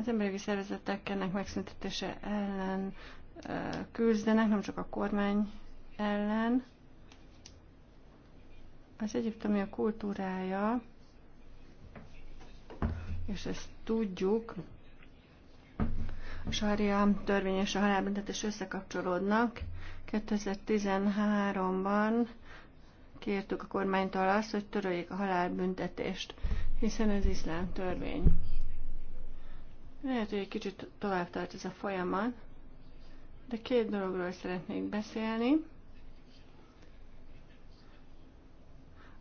Az emberi szervezetek ennek megszüntetése ellen küzdenek, nem csak a kormány ellen, az egyiptomi a kultúrája, és ezt tudjuk, a sarja törvény és a halálbüntetés összekapcsolódnak. 2013-ban kértük a kormánytól azt, hogy töröljék a halálbüntetést, hiszen ez iszlám törvény. Lehet, hogy egy kicsit tovább tart ez a folyamat, de két dologról szeretnék beszélni.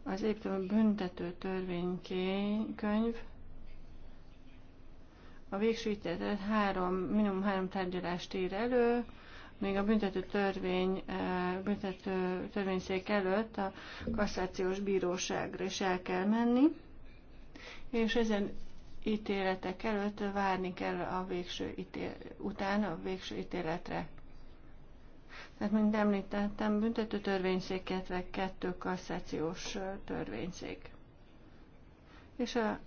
Az éptől büntető törvénykönyv a végső ítéletet három, minimum három tárgyalást ír elő, még a büntető törvény, eh, büntető törvényszék előtt a kasszációs bíróságra is el kell menni, és ezen ítéletek előtt várni kell a végső ítél, után a végső ítéletre. Tehát, mint említettem, büntető törvényszék, illetve kettő kasszációs törvényszék. És a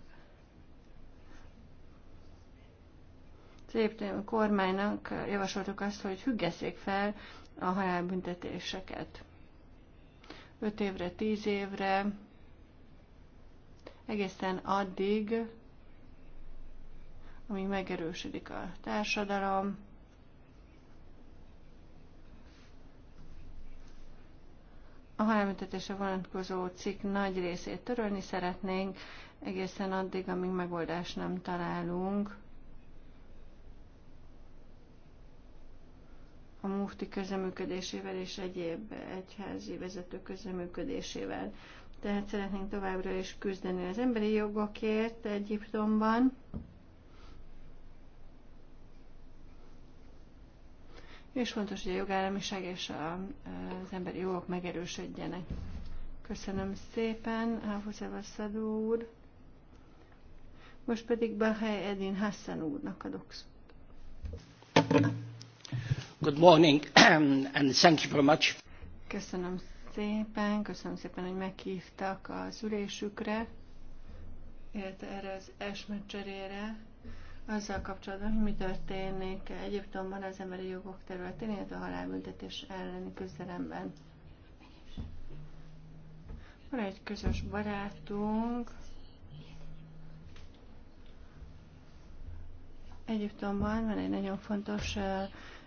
a kormánynak javasoltuk azt, hogy függesszék fel a halálbüntetéseket. 5 évre, 10 évre, egészen addig, amíg megerősödik a társadalom, a halálbüntetésre vonatkozó cikk nagy részét törölni szeretnénk, egészen addig, amíg megoldást nem találunk. a mufti közeműködésével és egyéb egyházi vezető közeműködésével. Tehát szeretnénk továbbra is küzdeni az emberi jogokért Egyiptomban. és fontos, hogy a jogállamiság és az emberi jogok megerősödjenek. Köszönöm szépen, Háfuzeva úr. Most pedig Bahely Edin Hassan úrnak adok Good morning, and thank you very much. Köszönöm szépen, köszönöm szépen, hogy meghívtak az ülésükre, illetve erre az esmecserére azzal kapcsolatban, hogy mi történik Egyiptomban az emberi jogok területén, illetve a halálbüntetés elleni küzdelemben. Van egy közös barátunk, Egyiptomban van egy nagyon fontos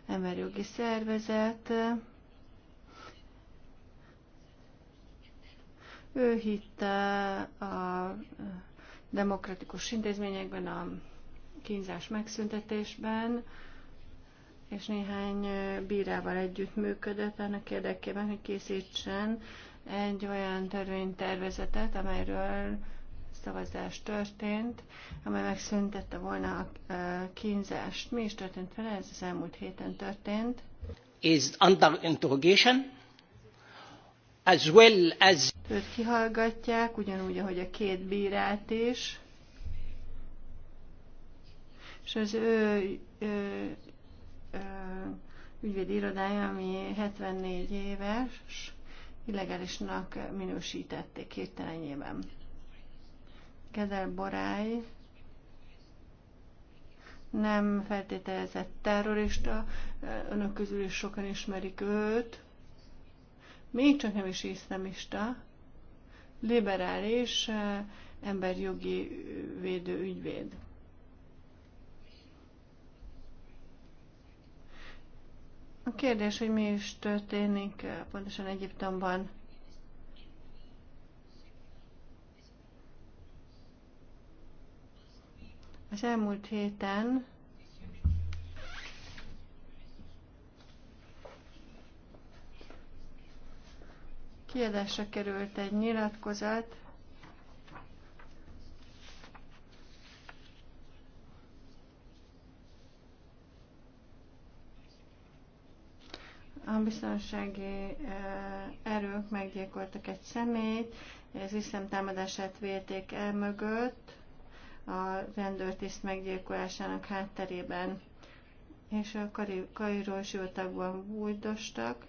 uh, jogi szervezet. Ő hitte a demokratikus intézményekben, a kínzás megszüntetésben, és néhány bírával együttműködött annak érdekében, hogy készítsen egy olyan törvénytervezetet, amelyről szavazás történt, amely megszüntette volna a kínzást. Mi is történt vele? Ez az elmúlt héten történt. Is under interrogation, as well as... Őt kihallgatják, ugyanúgy, ahogy a két bírát is és az ő ő, ő ügyvédi irodája, ami 74 éves, illegálisnak minősítették hirtelenjében. Kedel Boráj nem feltételezett terrorista, önök közül is sokan ismerik őt, még csak nem is iszlamista, liberális emberjogi védő ügyvéd. A kérdés, hogy mi is történik eh, pontosan Egyiptomban. Az elmúlt héten kiadásra került egy nyilatkozat, A biztonsági erők meggyilkoltak egy személyt, az iszlám támadását vélték el mögött, a rendőrtiszt meggyilkolásának hátterében, és a kairós zsoltakban bújdostak,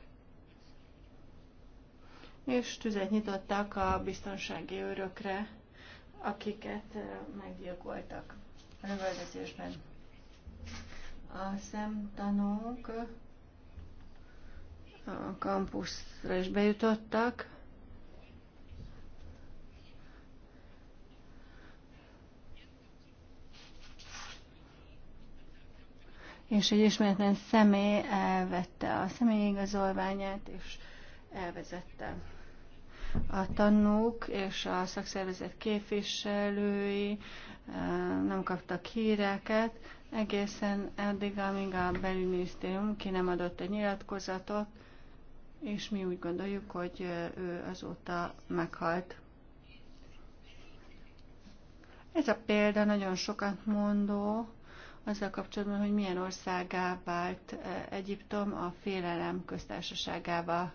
és tüzet nyitottak a biztonsági őrökre, akiket meggyilkoltak a lövöldözésben. A szemtanúk a kampuszra is bejutottak. És egy ismeretlen személy elvette a személyigazolványát, és elvezette a tanúk és a szakszervezet képviselői eh, nem kaptak híreket, egészen eddig, amíg a belügyminisztérium ki nem adott egy nyilatkozatot, és mi úgy gondoljuk, hogy ő azóta meghalt. Ez a példa nagyon sokat mondó azzal kapcsolatban, hogy milyen országá vált Egyiptom a félelem köztársaságába.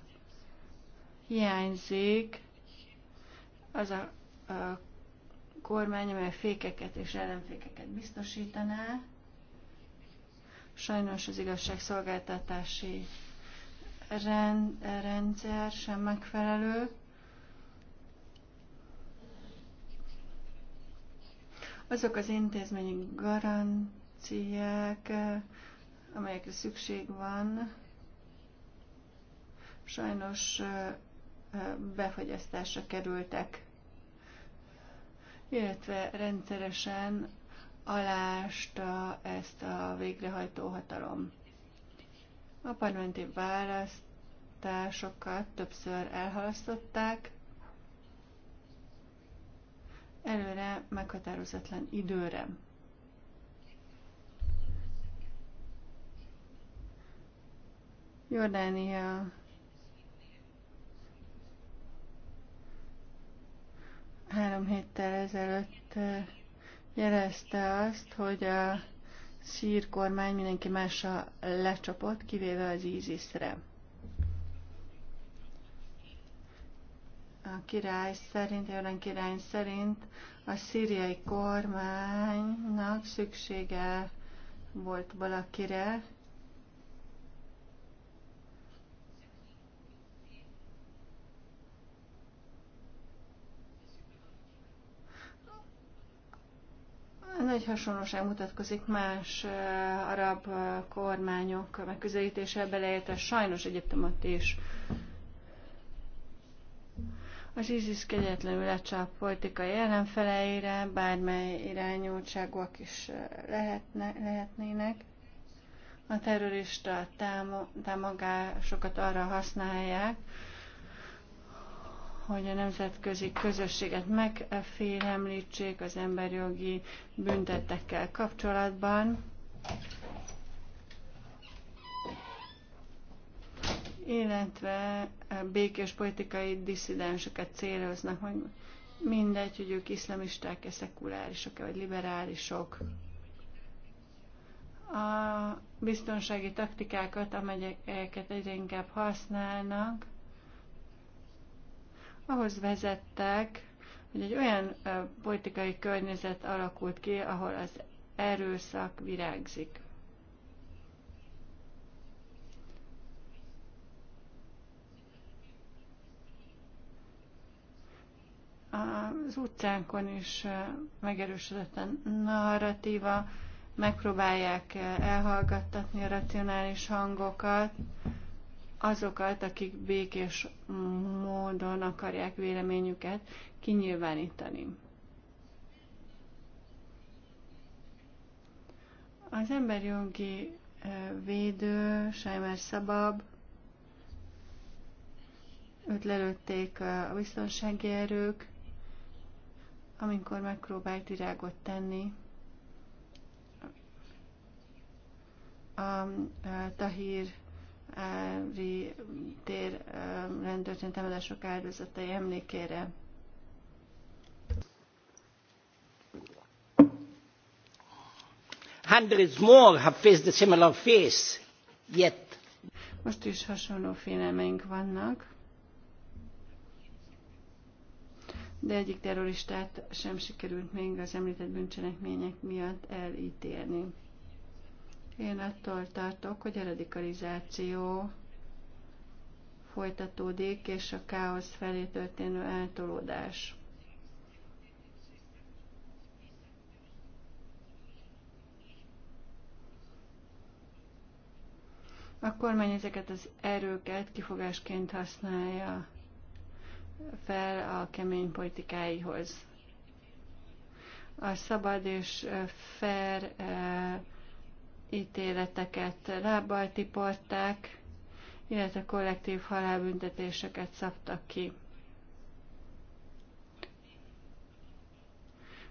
Hiányzik az a, a kormány, amely fékeket és ellenfékeket biztosítaná. Sajnos az igazságszolgáltatási rend, rendszer sem megfelelő. Azok az intézményi garanciák, eh, amelyekre szükség van, sajnos eh, eh, befagyasztásra kerültek, illetve rendszeresen alásta ezt a végrehajtó hatalom. A parlamenti választásokat többször elhalasztották, előre meghatározatlan időre. Jordánia három héttel ezelőtt eh, jelezte azt, hogy a szír kormány mindenki másra lecsapott, kivéve az isis A király szerint, Jordan király szerint a szíriai kormánynak szüksége volt valakire, Nagy hasonlóság mutatkozik más eh, arab eh, kormányok megközelítése beleértve sajnos Egyiptomot is. Az ISIS kegyetlenül lecsap politikai ellenfeleire, bármely irányultságúak is eh, lehetne, lehetnének. A terrorista támogásokat arra használják, hogy a nemzetközi közösséget megfélemlítsék az emberjogi büntetekkel kapcsolatban. illetve békés politikai disszidenseket céloznak, hogy mindegy, hogy ők iszlamisták-e, szekulárisok-e, vagy liberálisok. A biztonsági taktikákat, amelyeket egyre inkább használnak, ahhoz vezettek, hogy egy olyan politikai környezet alakult ki, ahol az erőszak virágzik. az utcánkon is megerősödött a narratíva, megpróbálják elhallgattatni a racionális hangokat, azokat, akik békés módon akarják véleményüket kinyilvánítani. Az emberjogi védő, Sajmer Szabab, őt lelőtték a biztonsági erők, amikor megpróbált virágot tenni a, a Tahir ári tér rendőrtén támadások áldozatai emlékére. Hundreds more have faced the similar face, yet. Most is hasonló félelmeink vannak, de egyik terroristát sem sikerült még az említett bűncselekmények miatt elítélni. Én attól tartok, hogy a radikalizáció folytatódik, és a káosz felé történő eltolódás. A kormány ezeket az erőket kifogásként használja fel a kemény politikáihoz. A szabad és fair ítéleteket rábajtiporták, illetve kollektív halálbüntetéseket szabtak ki.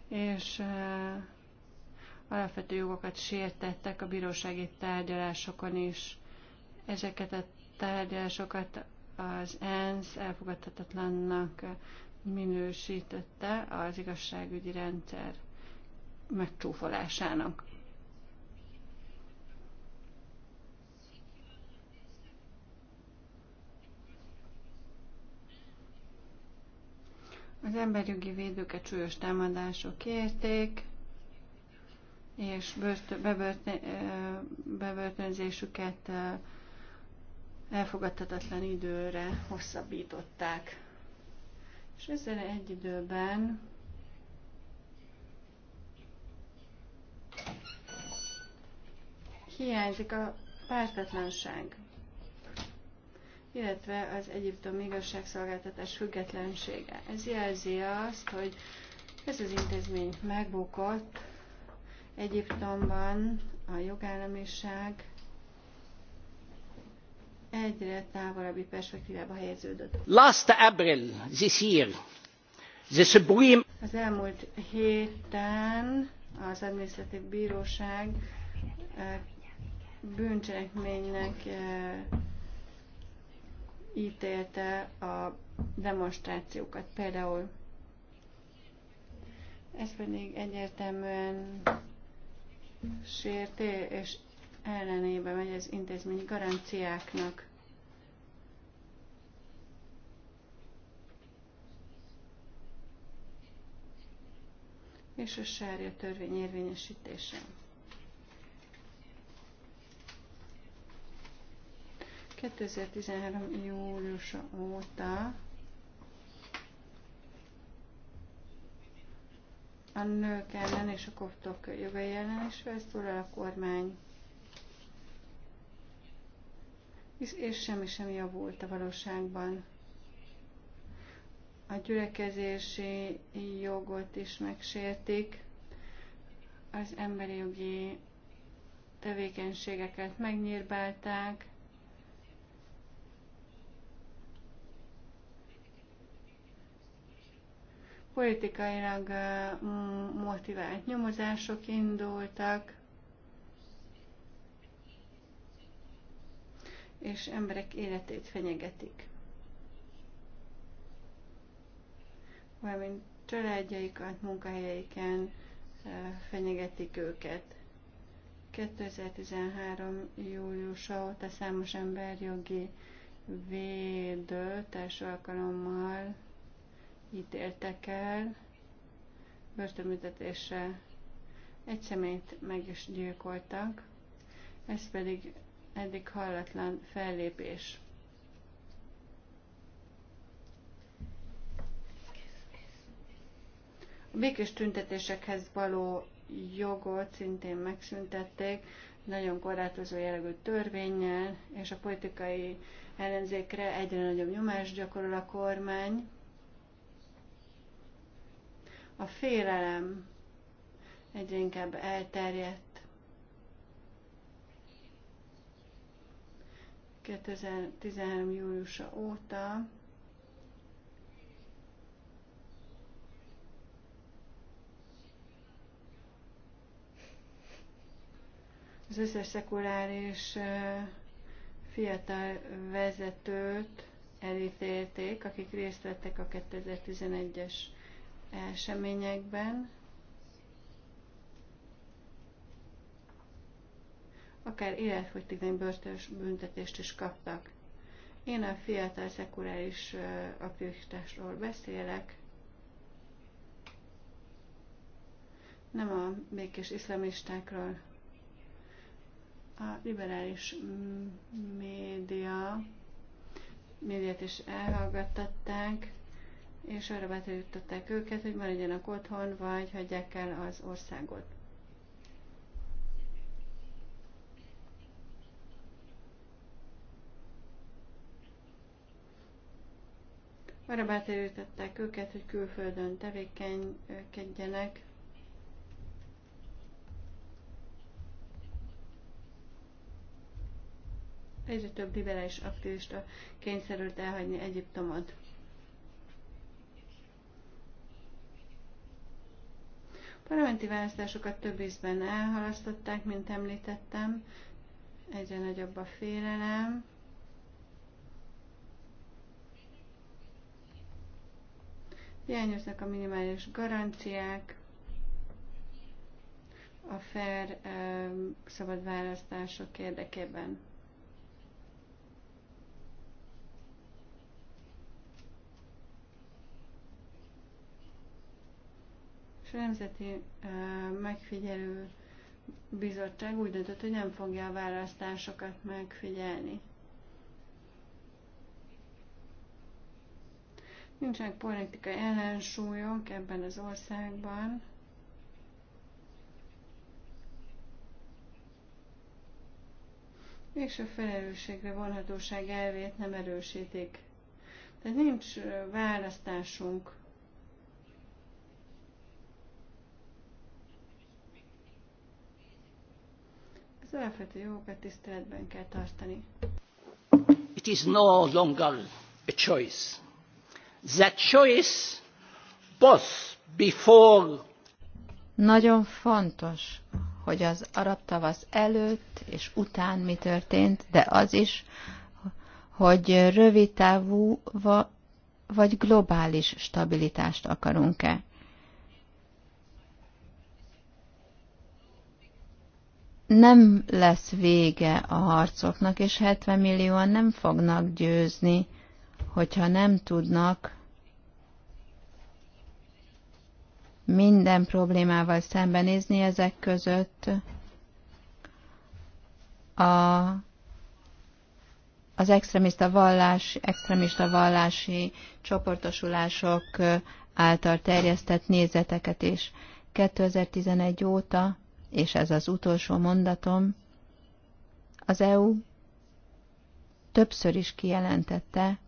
És alapvető jogokat sértettek a bírósági tárgyalásokon is. Ezeket a tárgyalásokat az ENSZ elfogadhatatlannak minősítette az igazságügyi rendszer megcsúfolásának. Az emberjogi védőket súlyos támadások érték, és bebörtönzésüket elfogadhatatlan időre hosszabbították. És ezzel egy időben hiányzik a pártatlanság illetve az Egyiptom igazságszolgáltatás függetlensége. Ez jelzi azt, hogy ez az intézmény megbukott Egyiptomban a jogállamiság egyre távolabbi perspektívába helyeződött. Last April this year, the Supreme... Az elmúlt héten az Administratív bíróság eh, bűncselekménynek eh, ítélte a demonstrációkat például. Ez pedig egyértelműen sérté és ellenébe megy az intézmény garanciáknak. és a sárja törvény érvényesítése. 2013. július óta a nők ellen és a koptok jogai ellen is felszólal a kormány. És, és semmi sem javult a valóságban. A gyülekezési jogot is megsértik, az emberi jogi tevékenységeket megnyírbálták, politikailag motivált nyomozások indultak, és emberek életét fenyegetik. Valamint családjaikat, munkahelyeiken fenyegetik őket. 2013. júliusa óta számos emberjogi védő társadalommal alkalommal ítéltek el börtönbüntetésre. Egy szemét meg is gyilkoltak, ez pedig eddig hallatlan fellépés. A békés tüntetésekhez való jogot szintén megszüntették, nagyon korlátozó jellegű törvényel, és a politikai ellenzékre egyre nagyobb nyomást gyakorol a kormány. A félelem egyre inkább elterjedt. 2013. júliusa óta az összes szekuláris fiatal vezetőt elítélték, akik részt vettek a 2011-es eseményekben, akár életfogytiglan börtönös büntetést is kaptak. Én a fiatal szekuláris aktivitásról beszélek, nem a békés iszlamistákról. A liberális mm, média, médiát is elhallgattatták, és arra bátorították őket, hogy maradjanak otthon, vagy hagyják el az országot. Arra bátorították őket, hogy külföldön tevékenykedjenek, egyre több liberális aktivista kényszerült elhagyni Egyiptomot. parlamenti választásokat több ízben elhalasztották, mint említettem, egyre nagyobb a félelem. Hiányoznak a minimális garanciák, a fair szabad választások érdekében. a Nemzeti Megfigyelő Bizottság úgy döntött, hogy nem fogja a választásokat megfigyelni. Nincsenek politikai ellensúlyok ebben az országban. Végső felelősségre vonhatóság elvét nem erősítik. Tehát nincs választásunk alapvető jogokat tiszteletben kell tartani. It is no longer a choice. That choice was before nagyon fontos, hogy az arab tavasz előtt és után mi történt, de az is, hogy rövid távú vagy globális stabilitást akarunk-e. nem lesz vége a harcoknak, és 70 millióan nem fognak győzni, hogyha nem tudnak minden problémával szembenézni ezek között a, az extremista vallás, extremista vallási csoportosulások által terjesztett nézeteket is. 2011 óta és ez az utolsó mondatom, az EU többször is kijelentette,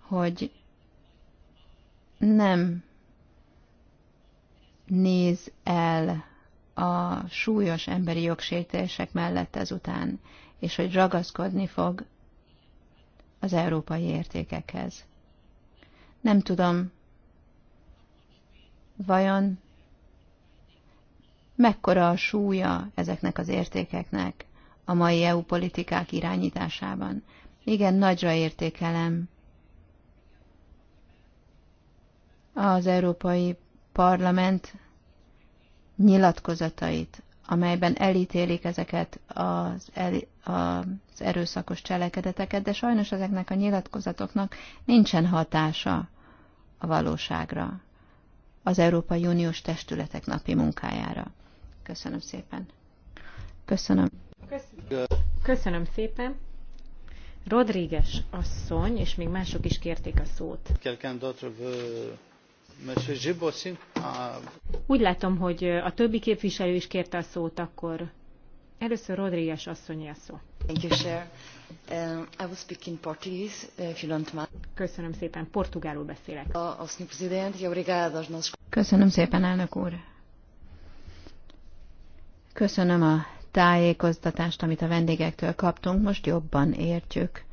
hogy nem néz el a súlyos emberi jogsértések mellett ezután, és hogy ragaszkodni fog az európai értékekhez. Nem tudom, vajon mekkora a súlya ezeknek az értékeknek a mai EU politikák irányításában. Igen, nagyra értékelem az Európai Parlament nyilatkozatait, amelyben elítélik ezeket az, el, az erőszakos cselekedeteket, de sajnos ezeknek a nyilatkozatoknak nincsen hatása a valóságra, az Európai Uniós testületek napi munkájára. Köszönöm szépen. Köszönöm. Köszönöm, szépen. Rodríguez asszony, és még mások is kérték a szót. Ah. Úgy látom, hogy a többi képviselő is kérte a szót, akkor először Rodríguez asszony a szó. Uh, uh, Köszönöm szépen, portugálul beszélek. Uh, e Köszönöm szépen, elnök úr. Köszönöm a tájékoztatást, amit a vendégektől kaptunk, most jobban értjük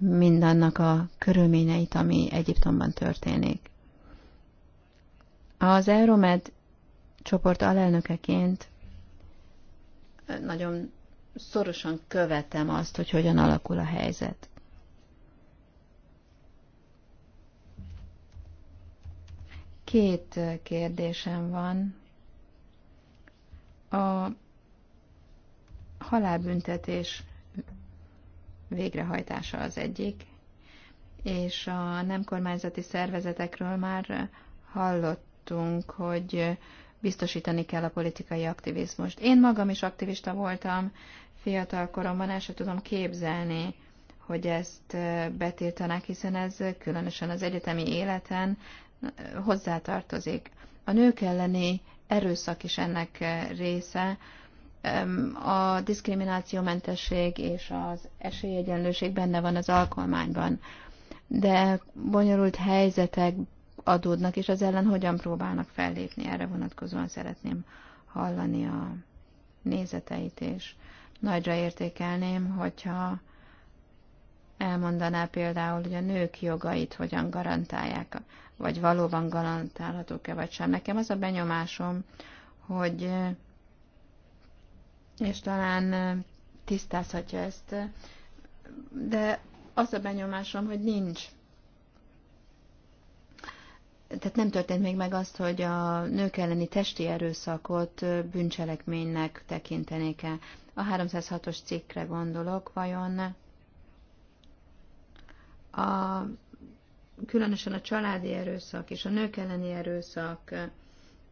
mindannak a körülményeit, ami Egyiptomban történik. Az Euromed csoport alelnökeként nagyon szorosan követem azt, hogy hogyan alakul a helyzet. Két kérdésem van a halálbüntetés végrehajtása az egyik, és a nem kormányzati szervezetekről már hallottunk, hogy biztosítani kell a politikai aktivizmust. Én magam is aktivista voltam fiatal koromban, el sem tudom képzelni, hogy ezt betiltanák, hiszen ez különösen az egyetemi életen hozzátartozik. A nők elleni erőszak is ennek eh, része. A diszkriminációmentesség és az esélyegyenlőség benne van az alkalmányban, de bonyolult helyzetek adódnak, és az ellen hogyan próbálnak fellépni, erre vonatkozóan szeretném hallani a nézeteit, és nagyra értékelném, hogyha elmondaná például, hogy a nők jogait hogyan garantálják vagy valóban garantálhatók-e vagy sem. Nekem az a benyomásom, hogy és talán tisztázhatja ezt, de az a benyomásom, hogy nincs. Tehát nem történt még meg azt, hogy a nők elleni testi erőszakot bűncselekménynek tekintenék-e. A 306-os cikkre gondolok, vajon a különösen a családi erőszak és a nők elleni erőszak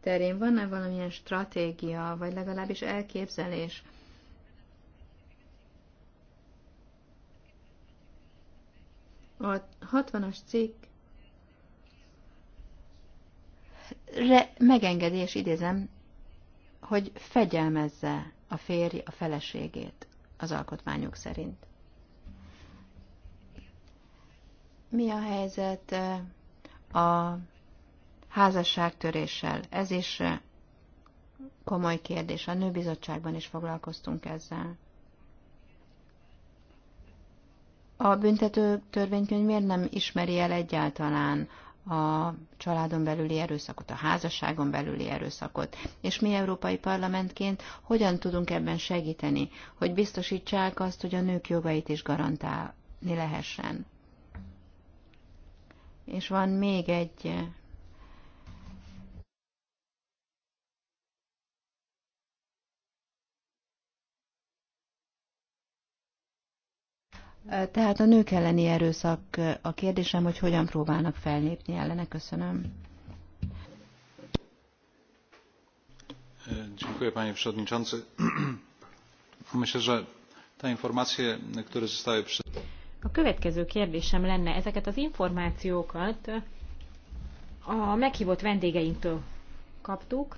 terén van-e valamilyen stratégia, vagy legalábbis elképzelés, A 60-as cikk re, megengedés, idézem, hogy fegyelmezze a férj a feleségét az alkotmányok szerint. Mi a helyzet eh, a házasságtöréssel? Ez is eh, komoly kérdés. A nőbizottságban is foglalkoztunk ezzel. A büntető törvénykönyv miért nem ismeri el egyáltalán a családon belüli erőszakot, a házasságon belüli erőszakot, és mi Európai Parlamentként hogyan tudunk ebben segíteni, hogy biztosítsák azt, hogy a nők jogait is garantálni lehessen. És van még egy eh, Tehát a nők elleni erőszak eh, a kérdésem, hogy hogyan próbálnak fellépni ellene. Köszönöm. E, dziękuję panie przewodniczący. [clears throat] Myślę, że te informacje, które zostały przedstawione a következő kérdésem lenne, ezeket az információkat a meghívott vendégeinktől kaptuk,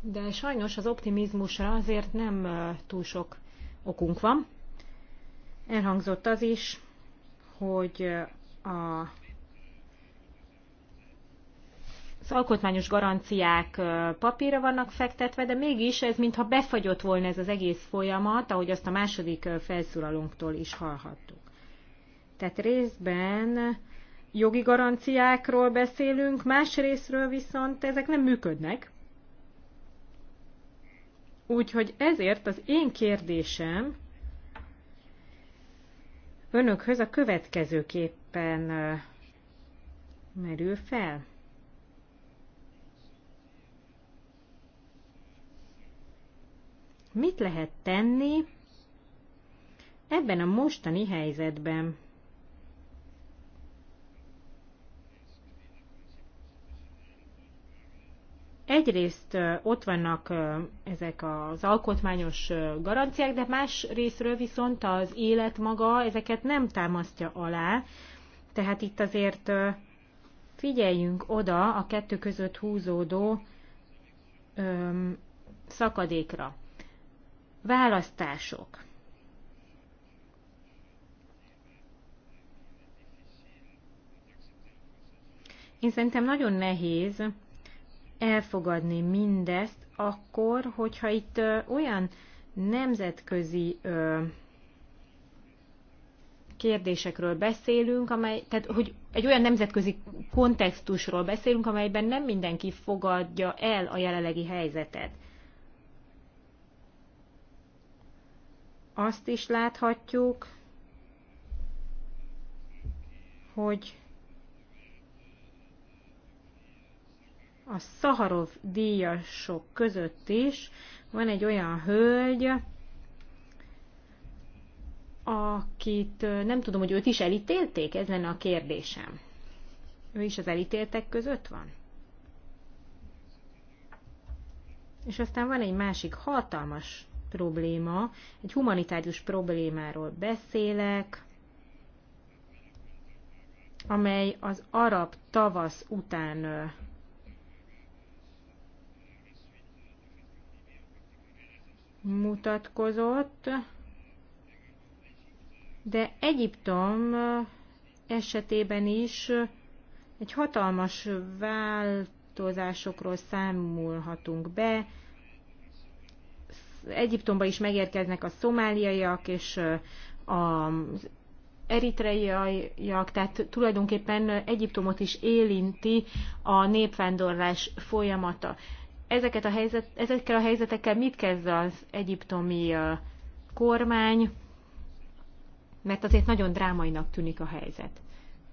de sajnos az optimizmusra azért nem túl sok okunk van. Elhangzott az is, hogy a az alkotmányos garanciák papírra vannak fektetve, de mégis ez mintha befagyott volna ez az egész folyamat, ahogy azt a második felszólalónktól is hallhattuk. Tehát részben jogi garanciákról beszélünk, más részről viszont ezek nem működnek. Úgyhogy ezért az én kérdésem önökhöz a következőképpen merül fel. Mit lehet tenni ebben a mostani helyzetben? egyrészt ott vannak ezek az alkotmányos garanciák, de más részről viszont az élet maga ezeket nem támasztja alá. Tehát itt azért figyeljünk oda a kettő között húzódó szakadékra. Választások. Én szerintem nagyon nehéz elfogadni mindezt akkor, hogyha itt ö, olyan nemzetközi ö, kérdésekről beszélünk, amely, tehát hogy egy olyan nemzetközi kontextusról beszélünk, amelyben nem mindenki fogadja el a jelenlegi helyzetet. azt is láthatjuk, hogy a Szaharov díjasok között is van egy olyan hölgy, akit nem tudom, hogy őt is elítélték? Ez lenne a kérdésem. Ő is az elítéltek között van? És aztán van egy másik hatalmas probléma, egy humanitárius problémáról beszélek, amely az arab tavasz után mutatkozott, de Egyiptom esetében is egy hatalmas változásokról számolhatunk be, Egyiptomba is megérkeznek a szomáliaiak és az eritreiaiak, tehát tulajdonképpen Egyiptomot is élinti a népvándorlás folyamata. Ezeket a helyzet, ezekkel a helyzetekkel mit kezd az egyiptomi kormány? Mert azért nagyon drámainak tűnik a helyzet.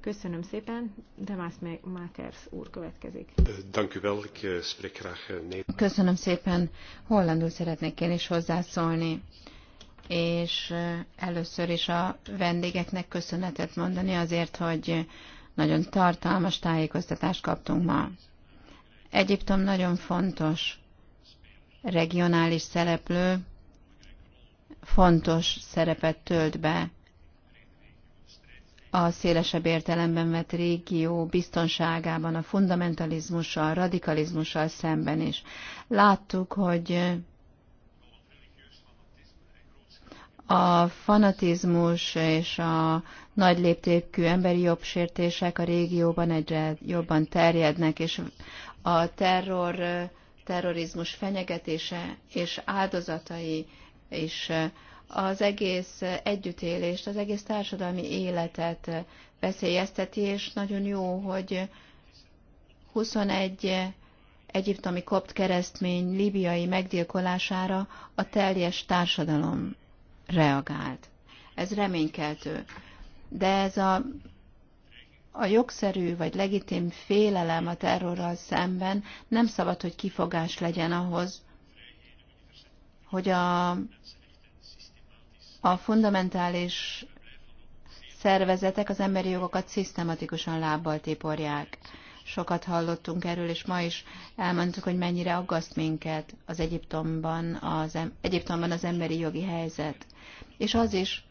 Köszönöm szépen, De más meg Mákers úr következik. Eh, eh, Köszönöm szépen, hollandul szeretnék én is hozzászólni és eh, először is a vendégeknek köszönetet mondani azért, hogy nagyon tartalmas tájékoztatást kaptunk ma. Egyiptom nagyon fontos regionális szereplő, fontos szerepet tölt be a szélesebb értelemben vett régió biztonságában, a fundamentalizmussal, a radikalizmussal szemben is. Láttuk, hogy a fanatizmus és a nagy léptékű emberi jobbsértések a régióban egyre jobban terjednek, és a terror, terrorizmus fenyegetése és áldozatai is az egész együttélést, az egész társadalmi életet veszélyezteti, és nagyon jó, hogy 21 egyiptomi kopt keresztmény libiai meggyilkolására a teljes társadalom reagált. Ez reménykeltő. De ez a, a jogszerű vagy legitim félelem a terrorral szemben nem szabad, hogy kifogás legyen ahhoz, hogy a a fundamentális szervezetek az emberi jogokat szisztematikusan lábbal tiporják. Sokat hallottunk erről, és ma is elmondtuk, hogy mennyire aggaszt minket az Egyiptomban az, Egyiptomban az emberi jogi helyzet. És az is,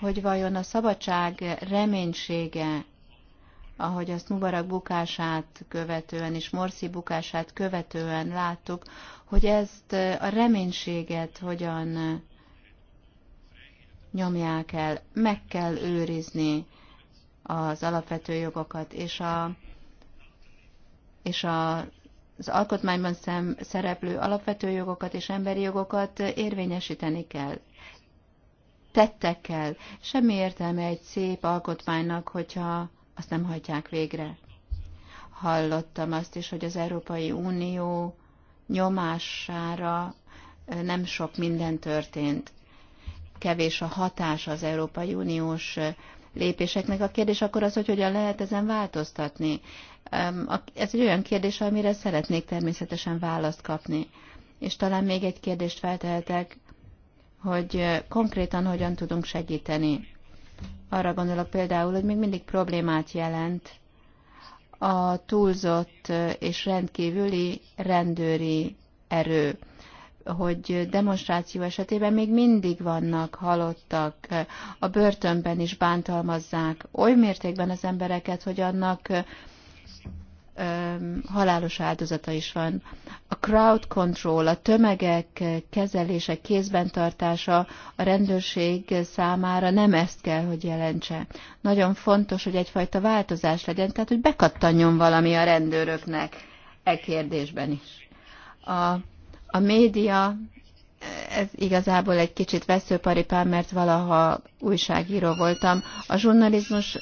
hogy vajon a szabadság reménysége, ahogy azt Mubarak bukását követően és Morsi bukását követően láttuk, hogy ezt a reménységet hogyan nyomják el, meg kell őrizni az alapvető jogokat, és, a, és a, az alkotmányban szem, szereplő alapvető jogokat és emberi jogokat érvényesíteni kell. Tettekkel. Semmi értelme egy szép alkotmánynak, hogyha azt nem hagyják végre. Hallottam azt is, hogy az Európai Unió nyomására nem sok minden történt kevés a hatás az Európai Uniós lépéseknek. A kérdés akkor az, hogy hogyan lehet ezen változtatni. Ez egy olyan kérdés, amire szeretnék természetesen választ kapni. És talán még egy kérdést feltehetek, hogy konkrétan hogyan tudunk segíteni. Arra gondolok például, hogy még mindig problémát jelent a túlzott és rendkívüli rendőri erő hogy demonstráció esetében még mindig vannak halottak, a börtönben is bántalmazzák oly mértékben az embereket, hogy annak halálos áldozata is van. A crowd control, a tömegek kezelése, kézben tartása a rendőrség számára nem ezt kell, hogy jelentse. Nagyon fontos, hogy egyfajta változás legyen, tehát hogy bekattanjon valami a rendőröknek e kérdésben is. A a média, ez igazából egy kicsit veszőparipám, mert valaha újságíró voltam. A journalizmus,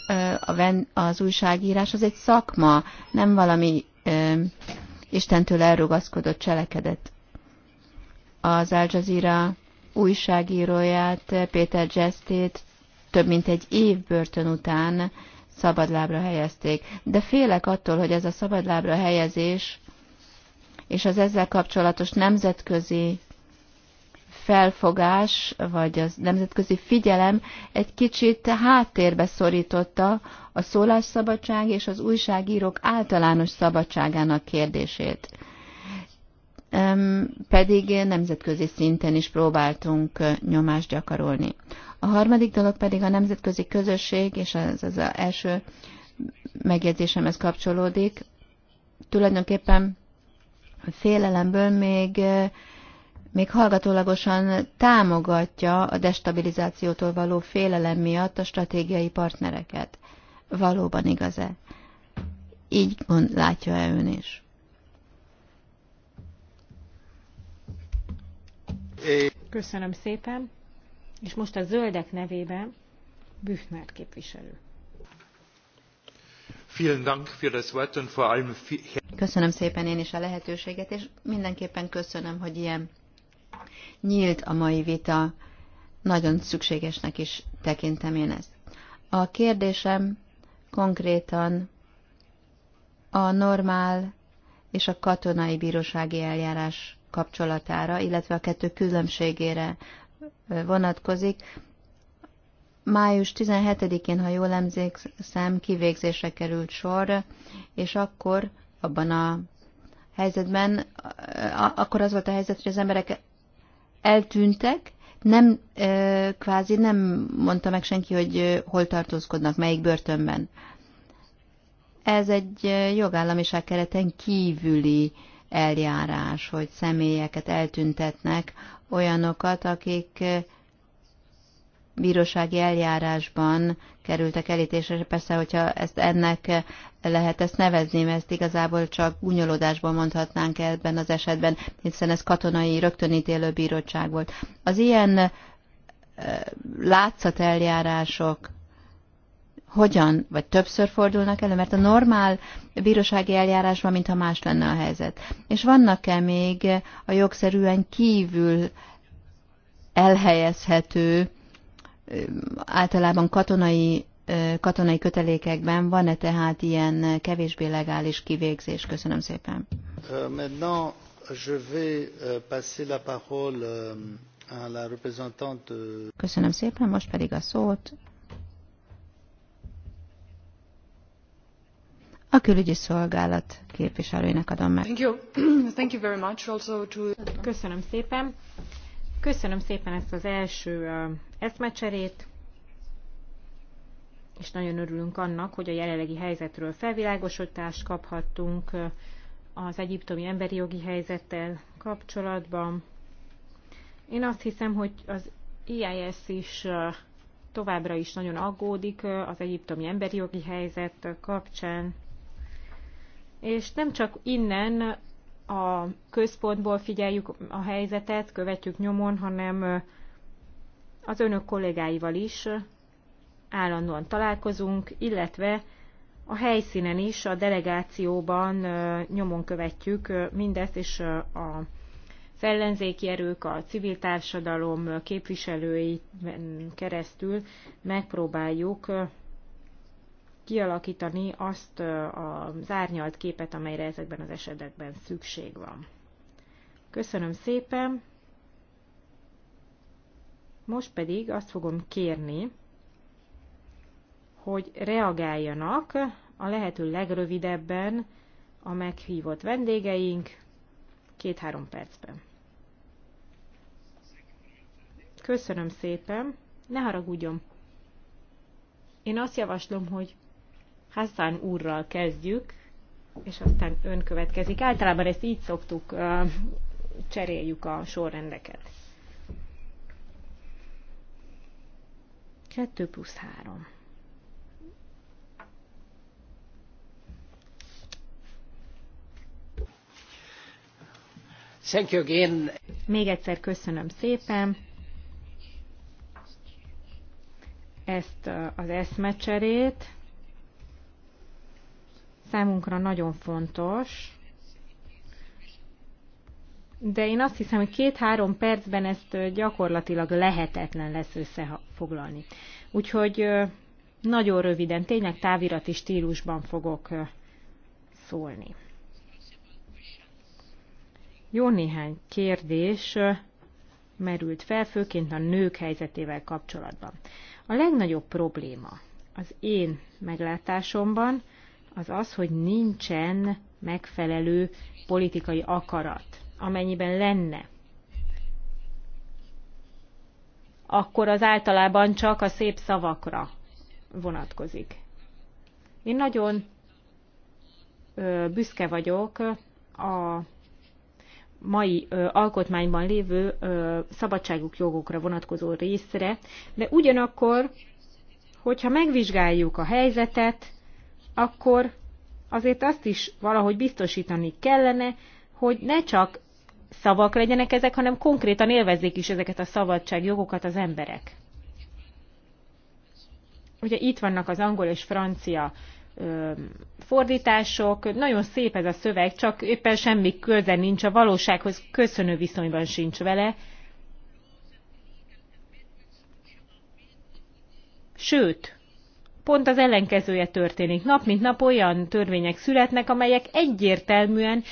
az újságírás az egy szakma, nem valami Istentől elrugaszkodott cselekedet. Az Al Jazeera újságíróját, Péter Jestét több mint egy év börtön után szabadlábra helyezték. De félek attól, hogy ez a szabadlábra helyezés és az ezzel kapcsolatos nemzetközi felfogás, vagy az nemzetközi figyelem egy kicsit háttérbe szorította a szólásszabadság és az újságírók általános szabadságának kérdését. Pedig nemzetközi szinten is próbáltunk nyomást gyakorolni. A harmadik dolog pedig a nemzetközi közösség, és ez az első megjegyzésemhez kapcsolódik. Tulajdonképpen félelemből még, még hallgatólagosan támogatja a destabilizációtól való félelem miatt a stratégiai partnereket. Valóban igaz-e? Így látja-e ön is? Köszönöm szépen, és most a zöldek nevében Büchner képviselő. Köszönöm szépen én is a lehetőséget, és mindenképpen köszönöm, hogy ilyen nyílt a mai vita. Nagyon szükségesnek is tekintem én ezt. A kérdésem konkrétan a normál és a katonai bírósági eljárás kapcsolatára, illetve a kettő különbségére vonatkozik. Május 17-én, ha jól emlékszem, kivégzésre került sor, és akkor abban a helyzetben, akkor az volt a helyzet, hogy az emberek eltűntek, nem, kvázi nem mondta meg senki, hogy hol tartózkodnak, melyik börtönben. Ez egy jogállamiság kereten kívüli eljárás, hogy személyeket eltüntetnek, olyanokat, akik bírósági eljárásban kerültek elítésre, persze, hogyha ezt ennek lehet ezt nevezni, mert ezt igazából csak gúnyolódásból mondhatnánk ebben az esetben, hiszen ez katonai rögtönítélő bíróság volt. Az ilyen látszat eljárások hogyan, vagy többször fordulnak elő, mert a normál bírósági van, mintha más lenne a helyzet. És vannak-e még a jogszerűen kívül elhelyezhető általában katonai, katonai kötelékekben van-e tehát ilyen kevésbé legális kivégzés? Köszönöm szépen. Euh, maintenant, je vais euh, passer la parole euh, à la représentante... Köszönöm szépen, most pedig a szót. A külügyi szolgálat képviselőinek adom meg. Thank you. [clears throat] Thank you very much also to... Köszönöm szépen. Köszönöm szépen ezt az első eszmecserét, és nagyon örülünk annak, hogy a jelenlegi helyzetről felvilágosodást kaphattunk az egyiptomi emberi jogi helyzettel kapcsolatban. Én azt hiszem, hogy az IIS is továbbra is nagyon aggódik az egyiptomi emberi jogi helyzet kapcsán. És nem csak innen a központból figyeljük a helyzetet, követjük nyomon, hanem az önök kollégáival is állandóan találkozunk, illetve a helyszínen is, a delegációban nyomon követjük mindezt, és a fellenzéki erők, a civil társadalom képviselői keresztül megpróbáljuk kialakítani azt az árnyalt képet, amelyre ezekben az esetekben szükség van. Köszönöm szépen! Most pedig azt fogom kérni, hogy reagáljanak a lehető legrövidebben a meghívott vendégeink két-három percben. Köszönöm szépen, ne haragudjon. Én azt javaslom, hogy Hassan úrral kezdjük, és aztán ön következik. Általában ezt így szoktuk, cseréljük a sorrendeket. 2 plusz 3. Thank you again. Még egyszer köszönöm szépen ezt uh, az eszmecserét. Számunkra nagyon fontos, de én azt hiszem, hogy két-három percben ezt gyakorlatilag lehetetlen lesz összefoglalni. Úgyhogy nagyon röviden, tényleg távirati stílusban fogok szólni. Jó néhány kérdés merült fel, főként a nők helyzetével kapcsolatban. A legnagyobb probléma az én meglátásomban az az, hogy nincsen megfelelő politikai akarat amennyiben lenne, akkor az általában csak a szép szavakra vonatkozik. Én nagyon büszke vagyok a mai ö, alkotmányban lévő ö, szabadságuk jogokra vonatkozó részre, de ugyanakkor, hogyha megvizsgáljuk a helyzetet, akkor azért azt is valahogy biztosítani kellene, hogy ne csak szavak legyenek ezek, hanem konkrétan élvezzék is ezeket a szabadságjogokat az emberek. Ugye itt vannak az angol és francia fordítások, nagyon szép ez a szöveg, csak éppen semmi köze nincs a valósághoz, köszönő viszonyban sincs vele. Sőt, pont az ellenkezője történik. Nap mint nap olyan törvények születnek, amelyek egyértelműen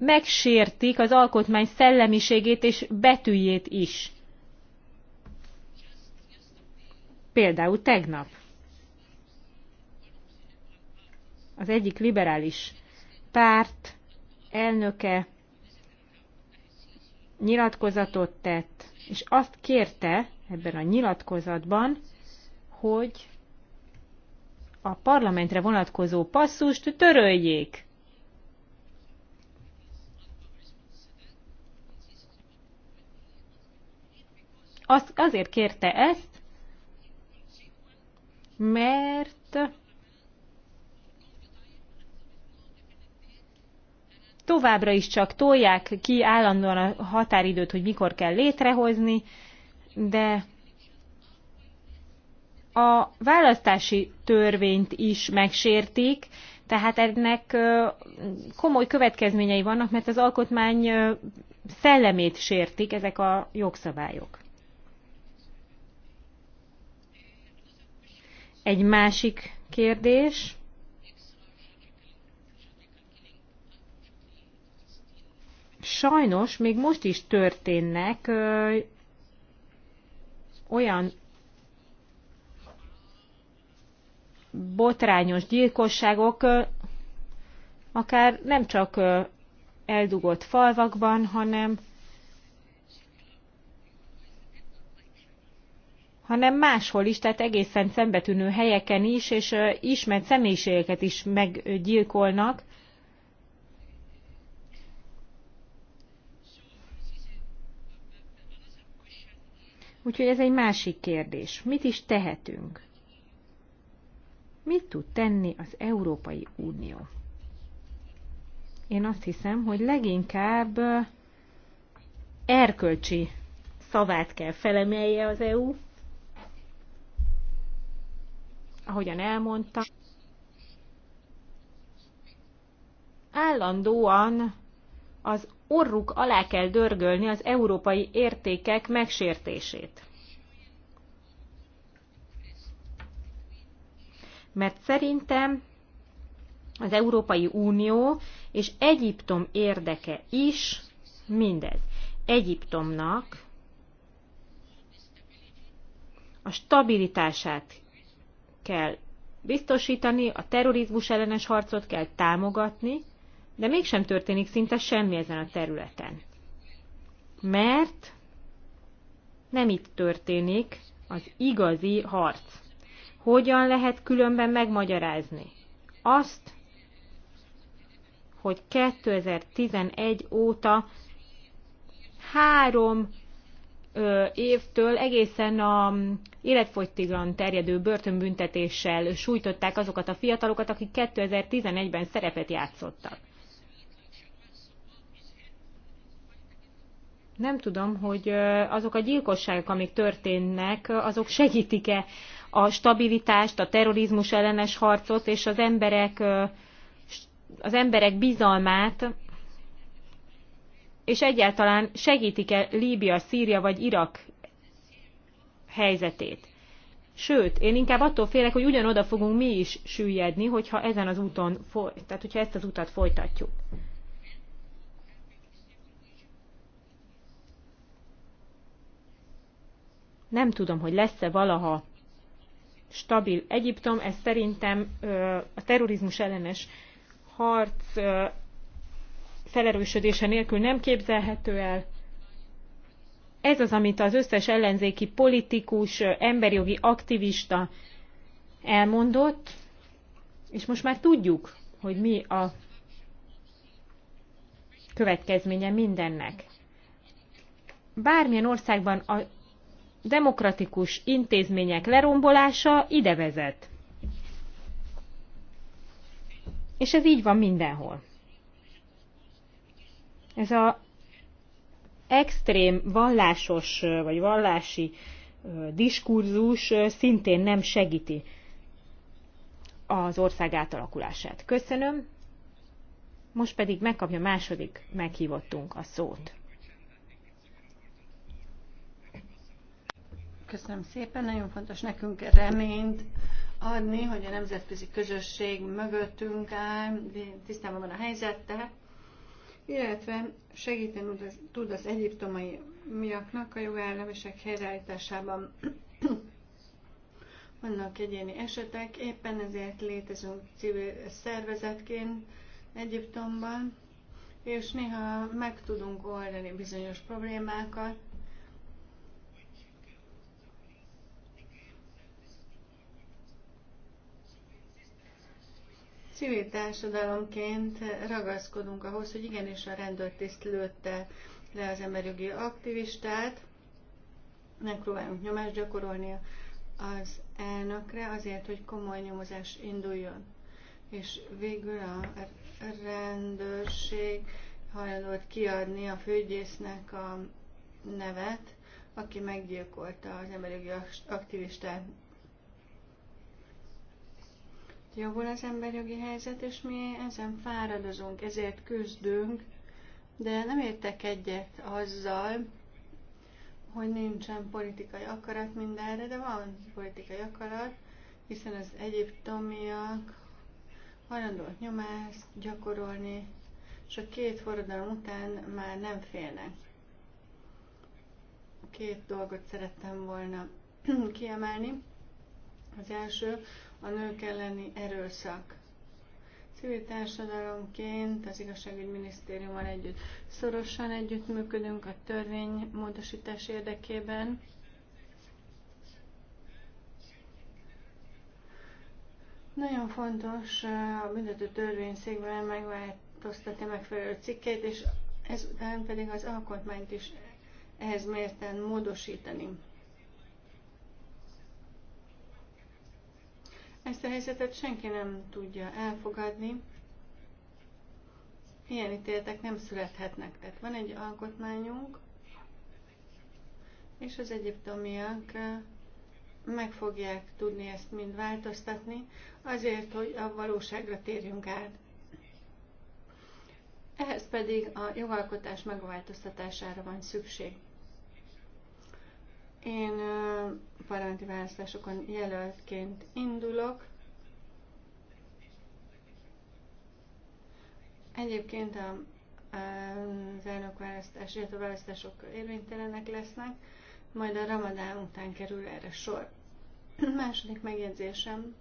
megsértik az alkotmány szellemiségét és betűjét is. Például tegnap az egyik liberális párt elnöke nyilatkozatot tett, és azt kérte ebben a nyilatkozatban, hogy a parlamentre vonatkozó passzust töröljék. az, azért kérte ezt, mert továbbra is csak tolják ki állandóan a határidőt, hogy mikor kell létrehozni, de a választási törvényt is megsértik, tehát ennek komoly következményei vannak, mert az alkotmány szellemét sértik ezek a jogszabályok. Egy másik kérdés. Sajnos még most is történnek ö, olyan botrányos gyilkosságok, ö, akár nem csak ö, eldugott falvakban, hanem hanem máshol is, tehát egészen szembetűnő helyeken is, és ismert személyiségeket is meggyilkolnak. Úgyhogy ez egy másik kérdés. Mit is tehetünk? Mit tud tenni az Európai Unió? Én azt hiszem, hogy leginkább erkölcsi szavát kell felemelje az EU, ahogyan elmondta, állandóan az orruk alá kell dörgölni az európai értékek megsértését. Mert szerintem az Európai Unió és Egyiptom érdeke is mindez. Egyiptomnak a stabilitását kell biztosítani, a terrorizmus ellenes harcot kell támogatni, de mégsem történik szinte semmi ezen a területen. Mert nem itt történik az igazi harc. Hogyan lehet különben megmagyarázni? Azt, hogy 2011 óta három évtől egészen a életfogytiglan terjedő börtönbüntetéssel sújtották azokat a fiatalokat, akik 2011-ben szerepet játszottak. Nem tudom, hogy azok a gyilkosságok, amik történnek, azok segítik-e a stabilitást, a terrorizmus ellenes harcot és az emberek, az emberek bizalmát és egyáltalán segítik-e Líbia, Szíria vagy Irak helyzetét. Sőt, én inkább attól félek, hogy ugyanoda fogunk mi is süllyedni, hogyha ezen az úton, tehát hogyha ezt az utat folytatjuk. Nem tudom, hogy lesz-e valaha stabil Egyiptom, ez szerintem a terrorizmus ellenes harc felerősödése nélkül nem képzelhető el. Ez az, amit az összes ellenzéki politikus, emberjogi aktivista elmondott, és most már tudjuk, hogy mi a következménye mindennek. Bármilyen országban a demokratikus intézmények lerombolása ide vezet. És ez így van mindenhol. Ez a extrém vallásos vagy vallási diskurzus szintén nem segíti az ország átalakulását. Köszönöm. Most pedig megkapja második meghívottunk a szót. Köszönöm szépen, nagyon fontos nekünk reményt adni, hogy a nemzetközi közösség mögöttünk áll, tisztában van a helyzettel, illetve segíteni tud az egyiptomai miaknak a jogállamiság helyreállításában. [clears throat] Vannak egyéni esetek, éppen ezért létezünk civil szervezetként Egyiptomban, és néha meg tudunk oldani bizonyos problémákat, Civil társadalomként ragaszkodunk ahhoz, hogy igenis a rendőrtiszt lőtte le az emberjogi aktivistát, megpróbálunk nyomást gyakorolni az elnökre azért, hogy komoly nyomozás induljon. És végül a rendőrség hajlandó kiadni a főgyésznek a nevet, aki meggyilkolta az emberi aktivistát javul az emberjogi helyzet, és mi ezen fáradozunk, ezért küzdünk, de nem értek egyet azzal, hogy nincsen politikai akarat mindenre, de van politikai akarat, hiszen az egyiptomiak hajlandóak nyomást gyakorolni, és a két forradalom után már nem félnek. Két dolgot szerettem volna [clears throat] kiemelni. Az első, a nők elleni erőszak. Civil társadalomként az igazságügyminisztériummal együtt szorosan együttműködünk a törvény módosítás érdekében. Nagyon fontos eh, a büntető törvényszékben megváltoztatni megfelelő cikkeit, és ezután pedig az alkotmányt is ehhez mérten módosítani. Ezt a helyzetet senki nem tudja elfogadni. Ilyen ítéletek nem születhetnek. Tehát van egy alkotmányunk, és az egyiptomiak eh, meg fogják tudni ezt mind változtatni, azért, hogy a valóságra térjünk át. Ehhez pedig a jogalkotás megváltoztatására van szükség. Én parlamenti választásokon jelöltként indulok. Egyébként a, az elnökválasztás, illetve a választások érvénytelenek lesznek, majd a ramadán után kerül erre sor. A [clears throat] második megjegyzésem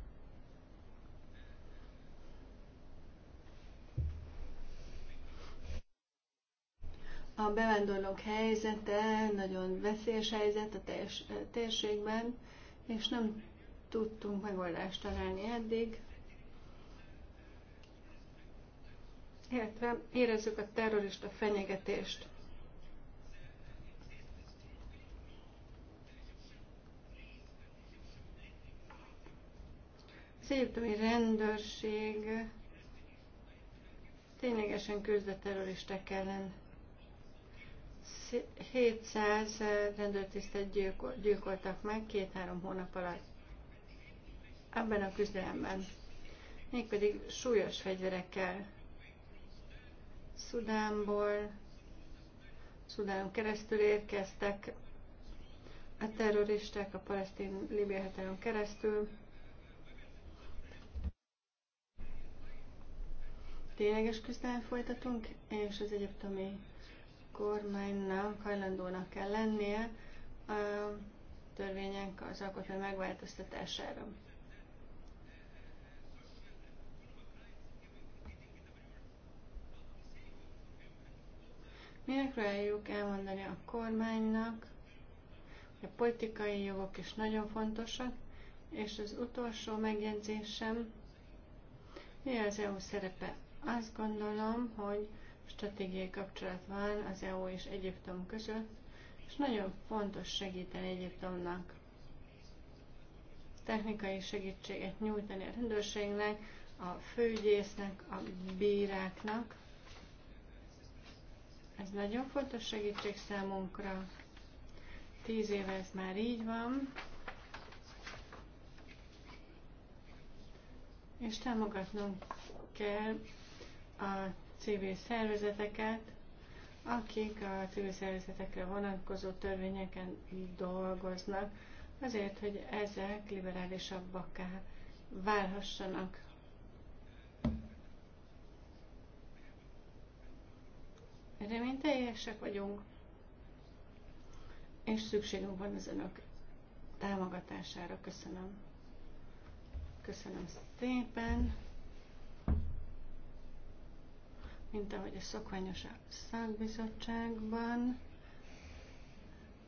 A bevándorlók helyzete nagyon veszélyes helyzet a teljes térségben, és nem tudtunk megoldást találni eddig. Értem, érezzük a terrorista fenyegetést. Az egyiptomi rendőrség ténylegesen küzd a terroristák ellen. 700 rendőrtisztet gyilkol, gyilkoltak meg két-három hónap alatt ebben a küzdelemben, mégpedig súlyos fegyverekkel. Szudánból, Szudán keresztül érkeztek a terroristák a palesztin-libia határon keresztül. Tényleges küzdelem folytatunk, és az egyiptomi kormánynak hajlandónak kell lennie a törvények az alkotmány megváltoztatására. Mi próbáljuk elmondani a kormánynak, hogy a politikai jogok is nagyon fontosak, és az utolsó megjegyzésem, mi az EU szerepe? Azt gondolom, hogy stratégiai kapcsolat van az EU és Egyiptom között, és nagyon fontos segíteni Egyiptomnak technikai segítséget nyújtani a rendőrségnek, a főügyésznek, a bíráknak. Ez nagyon fontos segítség számunkra. Tíz éve ez már így van. És támogatnunk kell a civil szervezeteket, akik a civil szervezetekre vonatkozó törvényeken dolgoznak, azért, hogy ezek liberálisabbakká válhassanak. Reményteljesek vagyunk, és szükségünk van az önök támogatására. Köszönöm. Köszönöm szépen mint ahogy a szokványos szakbizottságban.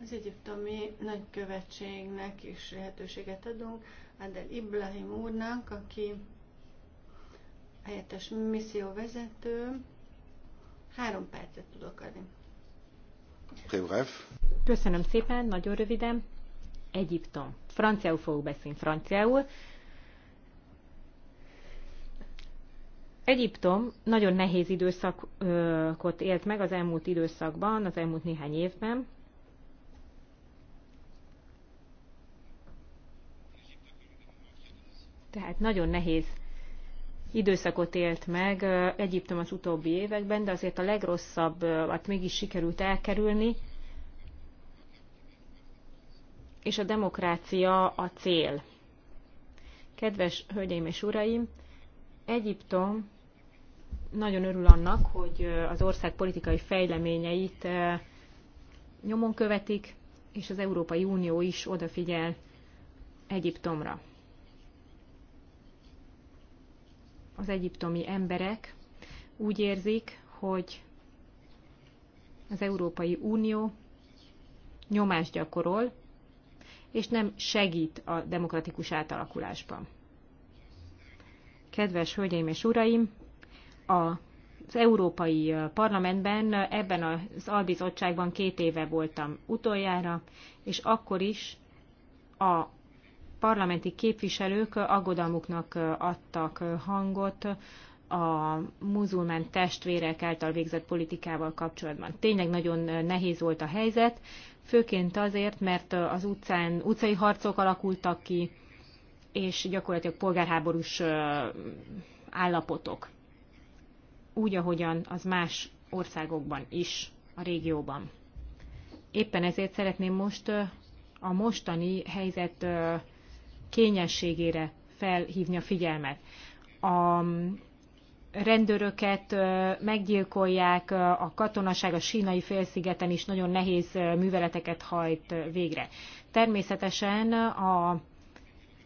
Az egyiptomi nagykövetségnek is lehetőséget adunk, Adel Ibrahim úrnak, aki helyettes misszióvezető, három percet tudok adni. Köszönöm szépen, nagyon röviden. Egyiptom. Franciául fogok beszélni, franciául. Egyiptom nagyon nehéz időszakot élt meg az elmúlt időszakban, az elmúlt néhány évben. Tehát nagyon nehéz időszakot élt meg Egyiptom az utóbbi években, de azért a legrosszabbat hát mégis sikerült elkerülni, és a demokrácia a cél. Kedves hölgyeim és uraim, Egyiptom nagyon örül annak, hogy az ország politikai fejleményeit nyomon követik, és az Európai Unió is odafigyel Egyiptomra. Az egyiptomi emberek úgy érzik, hogy az Európai Unió nyomást gyakorol, és nem segít a demokratikus átalakulásban. Kedves hölgyeim és uraim, a az Európai Parlamentben, ebben az albizottságban két éve voltam utoljára, és akkor is a parlamenti képviselők aggodalmuknak adtak hangot a muzulmán testvérek által végzett politikával kapcsolatban. Tényleg nagyon nehéz volt a helyzet, főként azért, mert az utcán utcai harcok alakultak ki, és gyakorlatilag polgárháborús állapotok, úgy, ahogyan az más országokban is, a régióban. Éppen ezért szeretném most a mostani helyzet kényességére felhívni a figyelmet. A rendőröket meggyilkolják, a katonaság a sínai félszigeten is nagyon nehéz műveleteket hajt végre. Természetesen a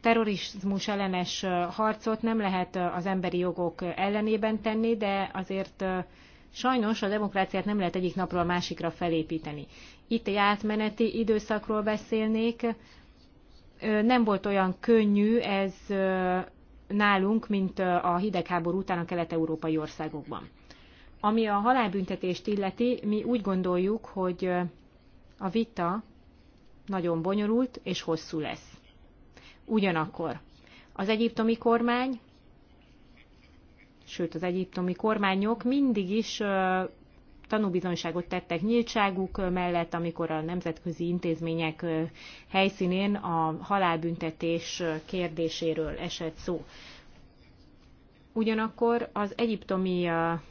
terrorizmus ellenes harcot nem lehet az emberi jogok ellenében tenni, de azért sajnos a demokráciát nem lehet egyik napról a másikra felépíteni. Itt egy átmeneti időszakról beszélnék. Nem volt olyan könnyű ez nálunk, mint a hidegháború után a kelet-európai országokban. Ami a halálbüntetést illeti, mi úgy gondoljuk, hogy a vita nagyon bonyolult és hosszú lesz. Ugyanakkor az egyiptomi kormány, sőt az egyiptomi kormányok mindig is tanúbizonyságot tettek nyíltságuk mellett, amikor a nemzetközi intézmények helyszínén a halálbüntetés kérdéséről esett szó. Ugyanakkor az egyiptomi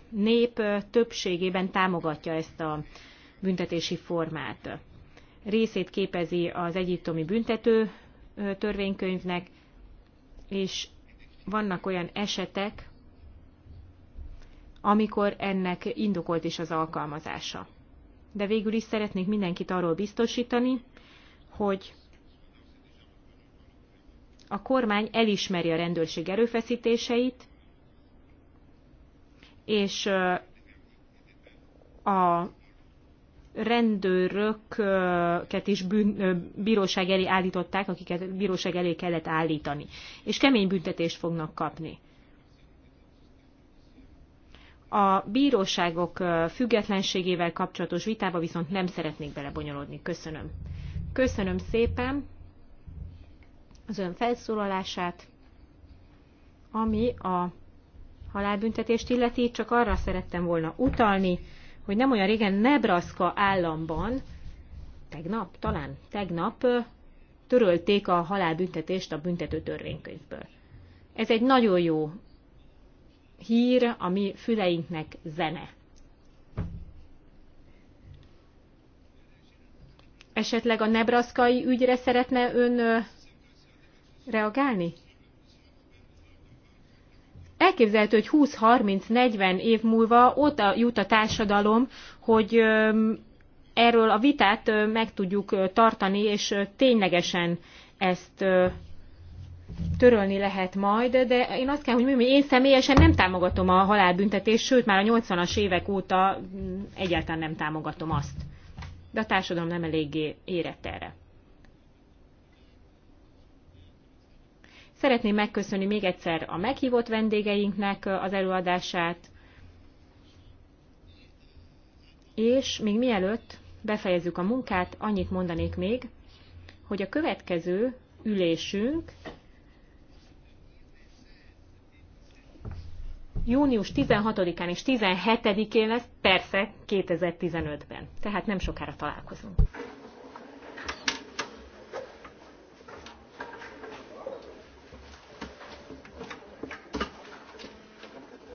nép többségében támogatja ezt a büntetési formát. Részét képezi az egyiptomi büntető törvénykönyvnek, és vannak olyan esetek, amikor ennek indokolt is az alkalmazása. De végül is szeretnék mindenkit arról biztosítani, hogy a kormány elismeri a rendőrség erőfeszítéseit, és a rendőröket is bűn, bíróság elé állították, akiket bíróság elé kellett állítani, és kemény büntetést fognak kapni. A bíróságok függetlenségével kapcsolatos vitába viszont nem szeretnék belebonyolódni. Köszönöm. Köszönöm szépen az ön felszólalását, ami a halálbüntetést illeti, csak arra szerettem volna utalni, hogy nem olyan régen Nebraska államban, tegnap, talán tegnap törölték a halálbüntetést a büntető törvénykönyvből. Ez egy nagyon jó hír ami füleinknek zene. Esetleg a nebraszkai ügyre szeretne ön reagálni? elképzelhető, hogy 20-30-40 év múlva ott jut a társadalom, hogy erről a vitát meg tudjuk tartani, és ténylegesen ezt törölni lehet majd, de én azt kell, hogy mondjam, hogy én személyesen nem támogatom a halálbüntetést, sőt már a 80-as évek óta mm, egyáltalán nem támogatom azt. De a társadalom nem eléggé érett erre. Szeretném megköszönni még egyszer a meghívott vendégeinknek az előadását, és még mielőtt befejezzük a munkát, annyit mondanék még, hogy a következő ülésünk június 16-án és 17-én lesz, persze 2015-ben. Tehát nem sokára találkozunk.